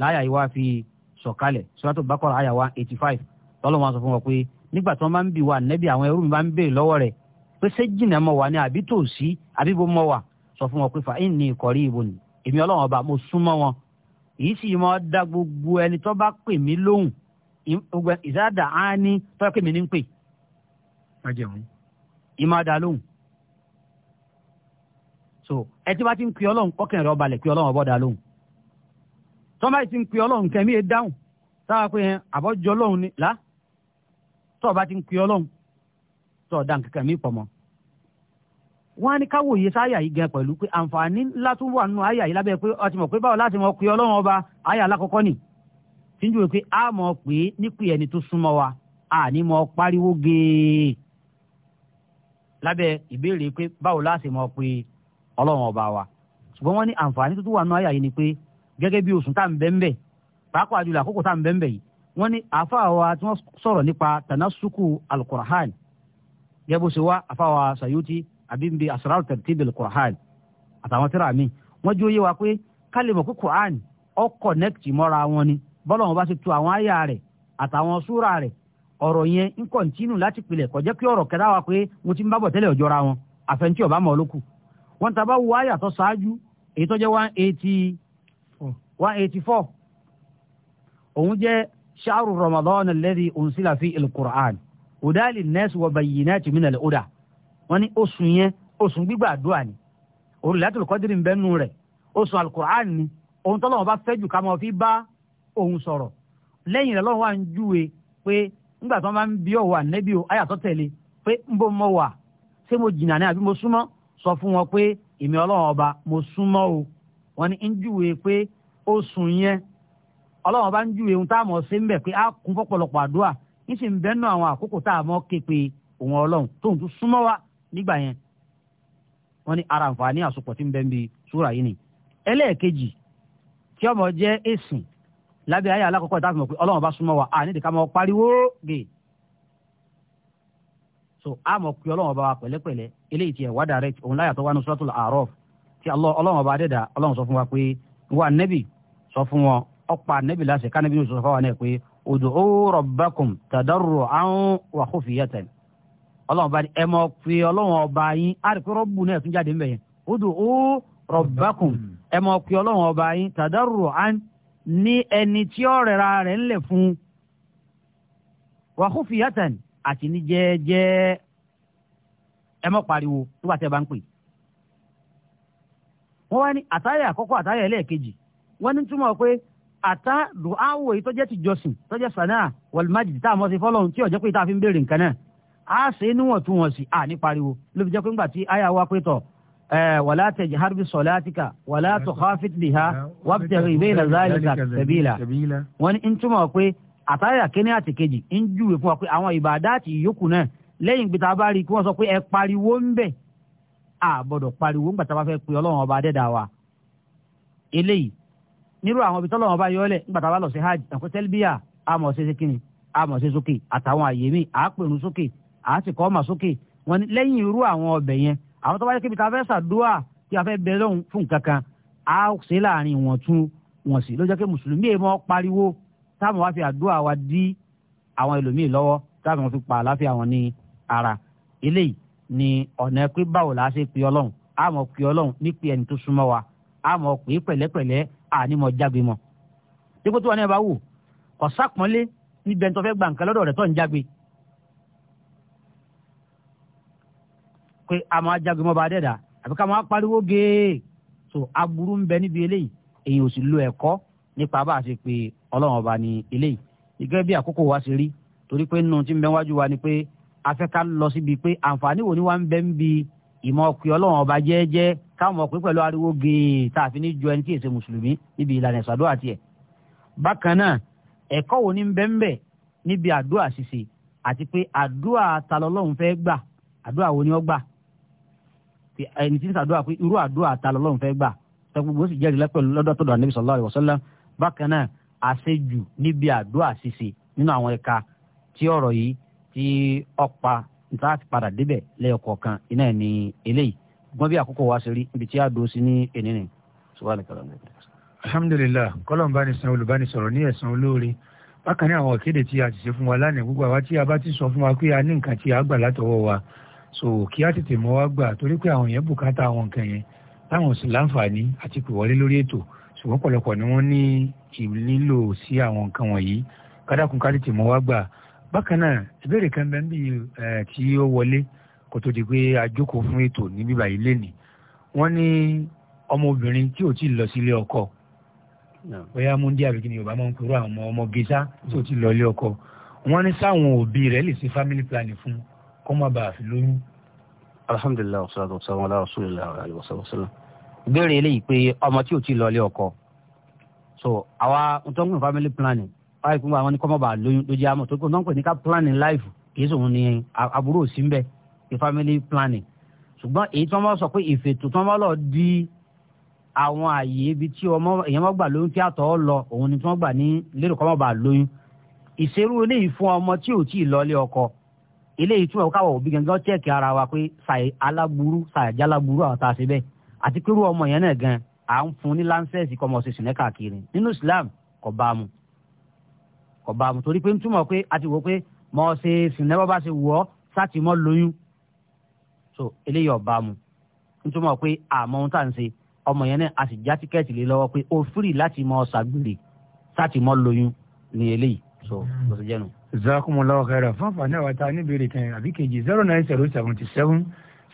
S3: láyà yìí wá fi sọ̀kalẹ̀ suratul baqara àyà wa eighty five tọ́lọ́wọ́n á sọ fún wọn pé nígbà tí wọ́n máa ń bì wá nẹ́bí àwọn ẹrú mi máa ń béèrè lọ́wọ́ rẹ̀ pé ṣé jìnnà mọ̀ wá ní àbí tòsí àbí bó mọ̀ wá sọ fún wọn pé fa ìní ìkọ̀rí ìbò ni èmi ọlọ́wọ́n ọba mo súnmọ́ wọn èyí sì máa da gbogbo ẹni tó bá pè mí lóhùn ìsáàdà á ní tó pè mí ní pè. ìmọ̀ dá lóhùn. so ẹ tí wọ́n ti ń pè ọlọ́run kọ́kẹ́rẹ́ rẹ̀ ọbalẹ̀ pé ọlọ́run ọbọ̀ dá lóhùn. tọ́mọ̀ ti ń pè ọlọ́run kẹ́mi ẹ̀ dáhùn táwa pé àbọ̀jọ́ ọlọ́run ni là tó o bá ti ń pè ọlọ́run tó dá nǹkan mi pọ̀ mọ́. wọ́n á ní káwòye sáyà yìí gan pẹ̀lú pé àǹfààní ńlá tún wà nínú àyà yìí lábẹ́ pé ọ mọ̀ pé báwo láti mọ̀ pé ọlọ́run ọba àyà alákọ̀ọ́kọ́ nì tí ń jùlọ pé a mọ̀ pé nípè ẹni tó súnmọ́ wa a ní mọ̀ pariwo gèè e. lábẹ́ ìbéèrè pé báwo láti mọ̀ pé ọlọ́run ọba wa ṣùgbọ́n wọ́n ní àǹfààní tó tún wà nínú àyà yìí ni pé gẹ́gẹ́ bí oṣù tá à ń bẹ́ńbẹ́ pàápàá jùlọ àkókò tá à ń bẹ́ńbẹ́ yìí wọ́n ní àfàwà tí wọ́n sọ̀rọ̀ nípa tanasuku alukur'an gẹ́gẹ́ bó ṣe wá àfàwà sayuti abimbi asrar tartibi alukur'an àtàwọn tíra mi wọ́n jó yé wa pé kálí mọ̀ pé kur'an ó kọ̀nẹ́kìtì mọ́ra wọn ni bọ́lá wọn bá ti tu àwọn àyà rẹ̀ àtàwọn súra rẹ̀ ọ̀rọ̀ yẹn ń kọ̀ntínú láti pilẹ̀ kọjá kí ọ̀rọ̀ kẹta wa pé mo ti ń bábọ̀ tẹ́lẹ̀ ọ̀jọ́ra wọn àfẹn tí ọba mọ̀ lókù wọn ta wo àyà tó ṣáájú èyí tó jẹ́ one eighty one eighty four òun jẹ́ شهر رمضان الذي أنزل فيه القرآن هدى للناس وبينات من الهدى wọ́n ní oṣù yẹn oṣù gbígbàdúrà ni òru Lailatul Qadri ń bẹ́nu rẹ̀ oṣù alukur'an ni ohun tó lọ́wọ́ bá fẹ́ jù ká máa fi bá òun sọ̀rọ̀ lẹ́yìn rẹ̀ lọ́wọ́ wa ń júwe pé nígbà tí wọ́n bá ń bí ọ̀wà nẹ́bí o ayàtọ̀ tẹ̀lé pé ń bó mọ̀ wà ṣé mo jìnnà ní àbí mo súnmọ́ sọ fún wọn pé èmi ọlọ́wọ́ ọba mo súnmọ́ o wọ́n ní ń júwe pé oṣù yẹn ọlọ́run bá ń ju ehun tá a mọ̀ ṣe ń bẹ̀ pé a kún fọ́pọ̀lọpọ̀ àdúrà ń sì ń bẹ́ nù àwọn àkókò tá a mọ̀ ké pe òun ọlọ́run tóun tún súnmọ́ wa nígbà yẹn wọ́n ní ara àǹfààní àsopọ̀ tí ń bẹ́ ń súra yìí ni ẹlẹ́ẹ̀kejì tí ọmọ jẹ́ èsìn lábẹ́ ayé alákọ̀ọ́kọ́ ìta fìmọ̀ ọlọ́run bá súnmọ́ wa àní ìdíkà máa pariwo gè so a mọ̀ pé ọlọ́run bá wa pẹ̀lẹ́pẹ̀lẹ́ eléyìí tiẹ̀ wá direct òun láyà tó wá ní suratul A'raf tí ọlọ́run bá ọ̀pá ànábì láṣẹ kánábì ní sọ̀fà wà náà pé ud'u rabbakum tadarru'an wa khufiyatan ọlọ́run bá ní ẹ mọ̀ pé ọlọ́run ọba yín àrùkú rọ́bù náà tún jáde ńbẹ̀ yẹn ud'u rabbakum ẹ mọ̀ pé ọlọ́run ọba yín tadarru'an ní ẹni tí ó rẹ̀ra rẹ̀ ńlẹ̀ fún wa khufiyatan àti ní jẹ́ẹ́jẹ́ ẹ pariwo nígbà tí ẹ bá ń pè wọ́n wá ní àtàyà àkọ́kọ́ àtàyà ẹlẹ́ẹ̀kejì wọ́n ní túmọ̀ pé Ata dùáwò yìí tọ́jẹ́ ti jọsìn tọ́jẹ́ sànà wàlúmájì tá a mọ̀ sí fọlọ́run tí ọ̀jẹ́ pé tá a fi ń béèrè nǹkan náà a ṣe é níwọ̀ntúnwọ̀nsì à ní pariwo ló fi jẹ́ pé ńgbà tí aya wa pé tọ̀ wàlá tẹ̀jì harbi sọ̀láàtìkà wàlá tọ̀káfìt bìhá wàbtẹ̀rì ìbéèrè nàzàlìkà sẹ̀bílà wọ́n ní ń túmọ̀ pé àtàyà kíní àti kejì ń júwe fún wa pé àwọn ìbàdáàtì yòókù náà lẹ́yìn gbé ta bá rí i kí wọ́n sọ pé ẹ pariwo ń bẹ̀ a pariwo ńgbà tá a bá fẹ́ pe ọlọ́run ọba adẹ́dàá wa eléyìí nírú àwọn ibi tọ́lọ́wọ́n bá yọ́lẹ̀ nígbà tá a bá lọ sí hajj ẹ̀kọ́ tẹ́lbíyà àmọ̀ ṣe ṣe kíni àmọ̀ ṣe sókè àtàwọn àyè míì àápèrún sókè àásìkọ́ ọmọ sókè wọn ni lẹ́yìn irú àwọn ọbẹ̀ yẹn àwọn tó bá yẹ kébi tá a fẹ́ ṣàdúrà tí a fẹ́ bẹ lọ́hùn fún kankan á ṣe láàrin wọn tún wọn sí ló jẹ́ mùsùlùmí èèmọ́ pariwo táwọn wá fi àdúrà wa dí àwọn ara eléyìí ni ọ̀nà pé báwo la ṣe pe ọlọ́run wa àmọ́ pé pẹ̀lẹ́pẹ̀lẹ́ àní mọ jágbe mọ dípò tí wọn náà bá wù kò sápọnlé níbi ẹni tó fẹ́ gbà nǹkan lọ́dọ̀ rẹ̀ tó ń jágbe pé a máa jágbe mọ́ bá dẹ́dà àbí ká máa pariwo gèè e. so aburú ń bẹ níbi eléyìí èyàn ò sì lo ẹ̀kọ́ nípa bá a ṣe pé ọlọ́run ọba ní eléyìí gẹ́gẹ́ bí àkókò wa ṣe rí torí pé nínú tí ń bẹ wájú wa ni pé afẹ́ ká lọ síbi pé àǹfààní wo ni wá ń bẹ ń bi ìmọ̀ ọkùnrin ọlọ́run ọba jẹ́ẹ́jẹ́ káwọn ọmọ pé pẹ̀lú ariwo gèè tá a fi ní ju ẹni tí èsè mùsùlùmí níbi ìlànà ìsàdó àti ẹ̀. bákan náà ẹ̀kọ́ wo ní bẹ́ńbẹ́ níbi àdúrà ṣíṣe àti pé àdúrà ta lọ́lọ́run fẹ́ gbà àdúrà wo ni ó gbà ẹni tí ń sàdúrà pé irú àdúrà ta fẹ́ gbà sẹ́kùgbó sì jẹ́rìí lẹ́pẹ̀lú lọ́dọ̀ tó nta padà débẹ̀ lẹ́ẹ̀kọ̀ọ̀kan iná ẹ̀ ní eléyìí gbọ́n bí àkókò wa ṣe ibi tí a dúró sí ní èní ni subahana kala ní.
S2: alhamdulilah kọ́lọ́n bá ní san olùbánisọ̀rọ̀ ní ẹ̀sán olóore bákan ní àwọn ìkéde tí a ti ṣe fún wa lánàá gbogbo àwa tí a bá ti sọ fún wa pé a ní nǹkan tí a gbà látọwọ́ wa so kí a tètè mọ́ wa gbà torí pé àwọn yẹn bùkátà àwọn nǹkan yẹn táwọn sì láǹfààní àti pè wọlé lórí ètò ṣùgbọ́n pọ̀lọpọ̀ ni wọ́n ní ìnílò sí àwọn nǹkan wọ̀nyí kádàkùn ká wa gbà bákan náà ìbéèrè kan bẹ́ẹ̀ bí tí ó wọlé kó tó di pé a jókòó fún ètò ní bíbá yìí lé ní wọ́n ní ọmọbìnrin tí ò tí ì lọ sílé ọkọ bóyá múndí àbí kíni yorùbá máa ń kúrò àwọn ọmọ gíṣá tí ò hmm. tí lọ ilé ọkọ wọ́n ní sáwọn òbí rẹ̀ lè ṣe family planning fún kó má bàa fi lóyún.
S3: alhamdulilayi wasalaatu wasalaamu ala rasulillah wa alayhi wa sallam ìbéèrè eléyìí pé ọmọ tí ò tí lọ ilé ọkọ so àwa n tó ń gbìn family planning báyìí fún àwọn ní kọ́mọ́ bá lóyún lójú àmọ́ tó kó pè ní ká planning life kì í sòun ní aburú òsì ń bẹ ní family planning ṣùgbọ́n èyí tí wọ́n bá sọ pé ìfètò tí wọ́n bá lọ di àwọn àyè ibi tí ọmọ èèyàn máa gbà lóyún tí àtọ̀ lọ òun ni tí wọ́n gbà ní lérò kọ́mọ́ bá lóyún ìṣerú eléyìí fún ọmọ tí ò tí ì lọlé ọkọ eléyìí túnbọ̀ káwọ̀ òbí gangan chẹ́ẹ̀kì ara wa pé ṣàì aláburú ṣàì jáláburú àwọn tá a ṣe bẹ́ẹ̀ àti pé irú ọmọ yẹn náà gan à ń fún ní láńsẹ̀sì kọ́mọ ṣe sùn ní káàkiri nínú Islam kò bá mu kò bá mu torí pé ń túmọ̀ pé a ti wò pé mọ̀ ọ́ ṣe sìnẹ́wọ́ bá ṣe wù ọ́ sátì mọ́ lóyún so eléyìí ọ̀bá mu ń túmọ̀ pé àmọ́ ohun tá à ń ṣe ọmọ yẹn náà a sì já tíkẹ́ẹ̀tì lé lọ́wọ́ pé ó fírì láti mọ ṣàgbèrè sátì mọ́ lóyún ní eléyìí so bó ṣe jẹ́nu. zakumulawo
S2: kẹrẹ fọnfà náà wàá ta níbèrè kan àbí kejì zero nine zero seventy seven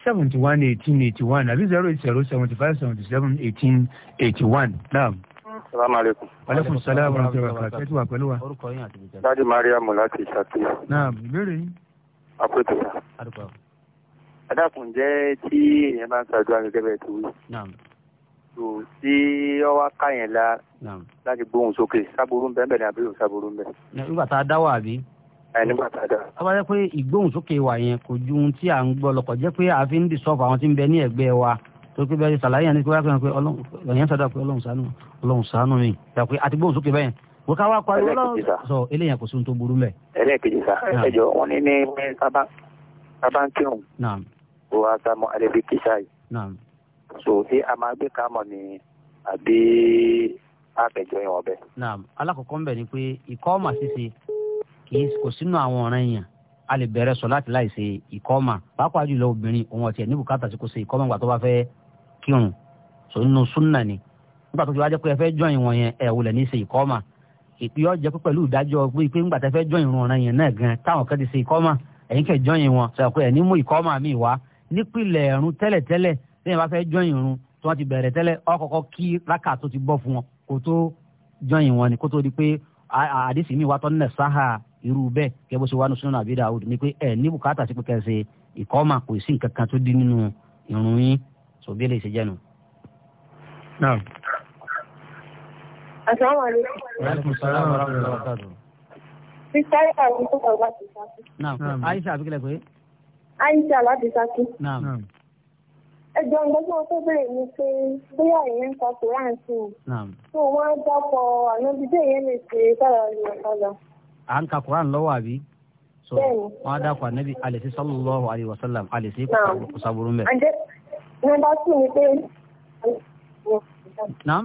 S2: seventy one eighteen eighty one àbí zero eight zero seventy five seventy seven eighteen eighty one naam salaamaleykum.
S1: aleykum salaam wa rahmatulahi wa barakatuh. ẹ ti wà pẹ̀lú wa.
S2: orúkọ yín àti ìjọba. dájú mariamu láti ìṣàtì. náà ìbéèrè yín. àpótò wa. ẹ dákun jẹ́ tí èèyàn bá ń ṣàdúrà gẹ́gẹ́ bẹ́ẹ̀ tó wí. tó tí ọ wá ká yẹn la láti gbóhùn sókè sábúrú ń bẹ́ẹ̀ bẹ́ẹ̀ ni àbí yóò sábúrú ń
S3: bẹ́ẹ̀. nígbà tá a dá wà bí tọ́ba jẹ́ pé ìgbóhùnsókè wa yẹn kò ju ohun tí à ń gbọ́ lọ́kọ̀ jẹ́ pé àfi ń dì sọ́ọ̀fù àwọn tí ń bẹ ní ẹ̀gbẹ́ wa tó pé bẹ́ẹ̀ ṣàlàyé yẹn ni pé wọ́n á pè pé ọlọ́run sánú ọlọ́run sànú mi dàpé àti gbóhùn sókè bẹ́yẹn wò ká wá parí ọlọ́run sọ eléyàn kò sóhun tó burú lẹ̀.
S2: ẹlẹ́ẹ̀kejì sá ẹjọ́ wọn ní ní sábà sábà ń kírun kó wá sá mọ́ alẹ́bí kíṣà yìí so ṣé a máa gbé ká mọ̀ ní àbí àpẹjọ yẹn ọbẹ̀.
S3: alákọ̀ọ́kọ́ ń bẹ̀ ni pé ìkọ́ ọmọ ṣíṣe kò sínú àwọn ọ̀ràn èèyàn a lè bẹ̀rẹ̀ sọ láti láì ṣe ìkọ́mà pàápàá jùlọ obìnrin òun ọ̀tí ẹ̀ ní bùkátà sí kò ṣe ìkọ́mà ìgbà tó bá fẹ́ kírun sọ nínú súnà ni nígbà tó ti wá jẹ́ pé ẹ fẹ́ join wọn yẹn ẹ wulẹ̀ ní í ṣe ìkọ́mà ìpè ọ jẹ́ pé pẹ̀lú ìdájọ́ pé pé nígbà tẹ́ fẹ́ join irun ọ̀ràn yẹn náà gan táwọn kan ti ṣe ìkọ́mà ẹ̀yin kẹ́ join wọn sọ pé ẹ̀ ní mú ìkọ́mà mi wá nípìnlẹ̀ ẹ̀rún tẹ́lẹ̀tẹ́lẹ̀ tí yẹn bá fẹ́ join irun tí wọ́n ti bẹ̀rẹ̀ tẹ́lẹ̀ ọkọ̀ọ̀kọ̀ kí rákà tó ti bọ́ fún wọn kó tó join ni kó tó di pé àdìsí mi wá tọ́ nílẹ̀ sáhà irú
S1: Assalamu alaikum.
S3: Wa alaikum salam wa rahmatullahi wa barakatuh.
S1: Sísáyé àwọn tó wà láti sáfì.
S3: Naam. Aisha àbíkẹ́lẹ̀ pé.
S1: Aisha láti sáfì. Naam. Ẹjọ́ nǹkan tí wọ́n tó bẹ̀rẹ̀ ni pé bóyá ìyẹn ń ka Quran sí i. Naam. Tó wọ́n á dápọ̀ àná bí bẹ́ẹ̀ lè ṣe sára rẹ̀ ọ̀kadà.
S3: À ń ka Quran lọ́wọ́ àbí? So wọ́n á dápọ̀ ànábì Alẹ́sí sallallahu alaihi wasallam Alẹ́sí kùsàbùrù mẹ́.
S1: Nàmbá sì ni pé.
S3: Naam.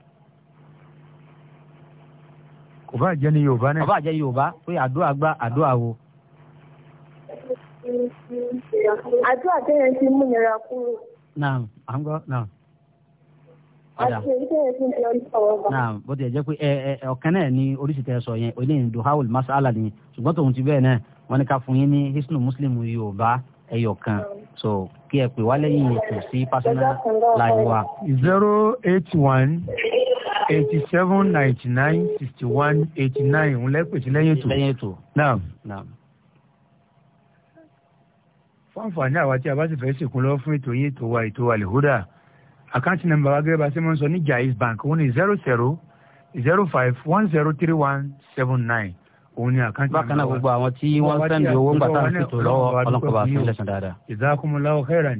S3: kò bá jẹ́ ní yorùbá náà. ọba àjẹ́ yorùbá pé àdúrà gbá àdúrà wo.
S1: àdúrà tẹ́yẹ̀ ti mú nira kúrò.
S3: naam à ń gbọ́ naam. ọ̀dà naam bó ti jẹ́ pé ẹ ẹ ọ̀kan náà ni oríṣi tẹ́ sọ yẹn olóyìn duhawul masala ni ṣùgbọ́n tòun ti bẹ́ẹ̀ náà wọ́n ní ká fún yín ní hisnu muslim yorùbá ẹyọ kan so kí ẹ pè wá lẹ́yìn ètò sí personal line zero
S2: eight one eighty seven ninety nine sixty one eighty nine òun lẹ́pẹ̀ sí lẹ́yìn ètò. lẹ́yìn ètò. naam. naam. fún àǹfààní àwa tí a bá sì fẹ́ sèkún lọ́wọ́ fún ètò yín ètò wa ètò àlèhódà àkáǹtì nàmbà wa gẹ́gẹ́ bá ṣe máa ń sọ ní Jaiz Bank òun ni zero zero zero five one zero three one seven nine òun ni àkáǹtì bákan náà gbogbo àwọn tí wọ́n sẹ́ndì owó ńgbà táwọn ṣètò lọ́wọ́ ọlọ́kọ̀ọ́bà fún ilẹ̀sùn dáadáa. jazakumullahu khairan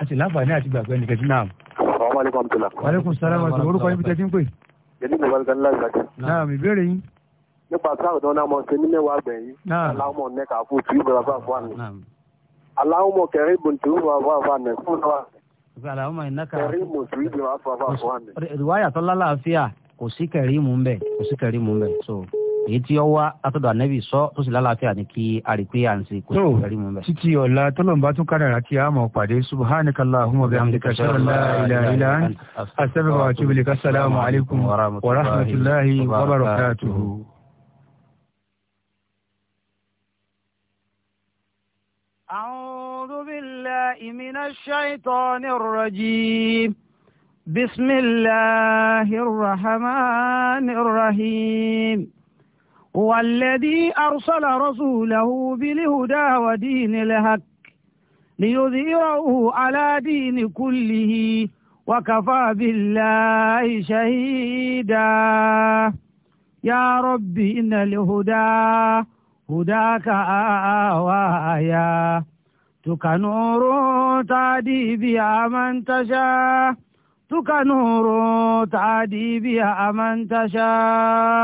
S2: àti láǹfààní Assalamu alaikum abdullah. wa aleykum salaam wa rahmatulah orúkọ yín bí tẹ́tí ń pè. yẹ́nì mi wàlúùkà ńlá ìgbàjẹ́. náà mi béèrè yín. nípa sáà tó náà mọ ṣe ní mẹ́wàá àgbẹ̀ yìí. náà aláwọ̀ nẹ́ka fún tìrú bàbá fún àfọ àná. aláwọ̀ kẹrin bùn tìrú bàbá fún àná fún náà.
S3: aláwọ̀ ìnáka kẹrin
S2: bùn tìrú bàbá fún àfọ
S3: àná. riwaya tó lálàáfíà kò sí kẹrin mú bẹ́ẹ̀ kò sí kẹrin mú bẹ́ẹ̀ so èyí tí ó wá látọ̀dọ̀ ànẹ́bì sọ tó sì lálàáfíà ní kí a rí pé à ń ṣe kò sí ìdarí mu
S2: bẹ́ẹ̀. títí ọ̀la tọ́lọ̀mùbá tún kádàrá kí a mọ̀ pàdé subhanaka allahumma wa bihamdika ashhadu
S1: an بسم الله الرحمن الرحيم هو الذي أرسل رسوله بالهدى ودين الهك ليظهره على دين كله وكفى بالله شهيدا يا رب إن الهدى هداك آوايا تك نور تعدي بها من تشاء تك نور تعدي بها من تشاء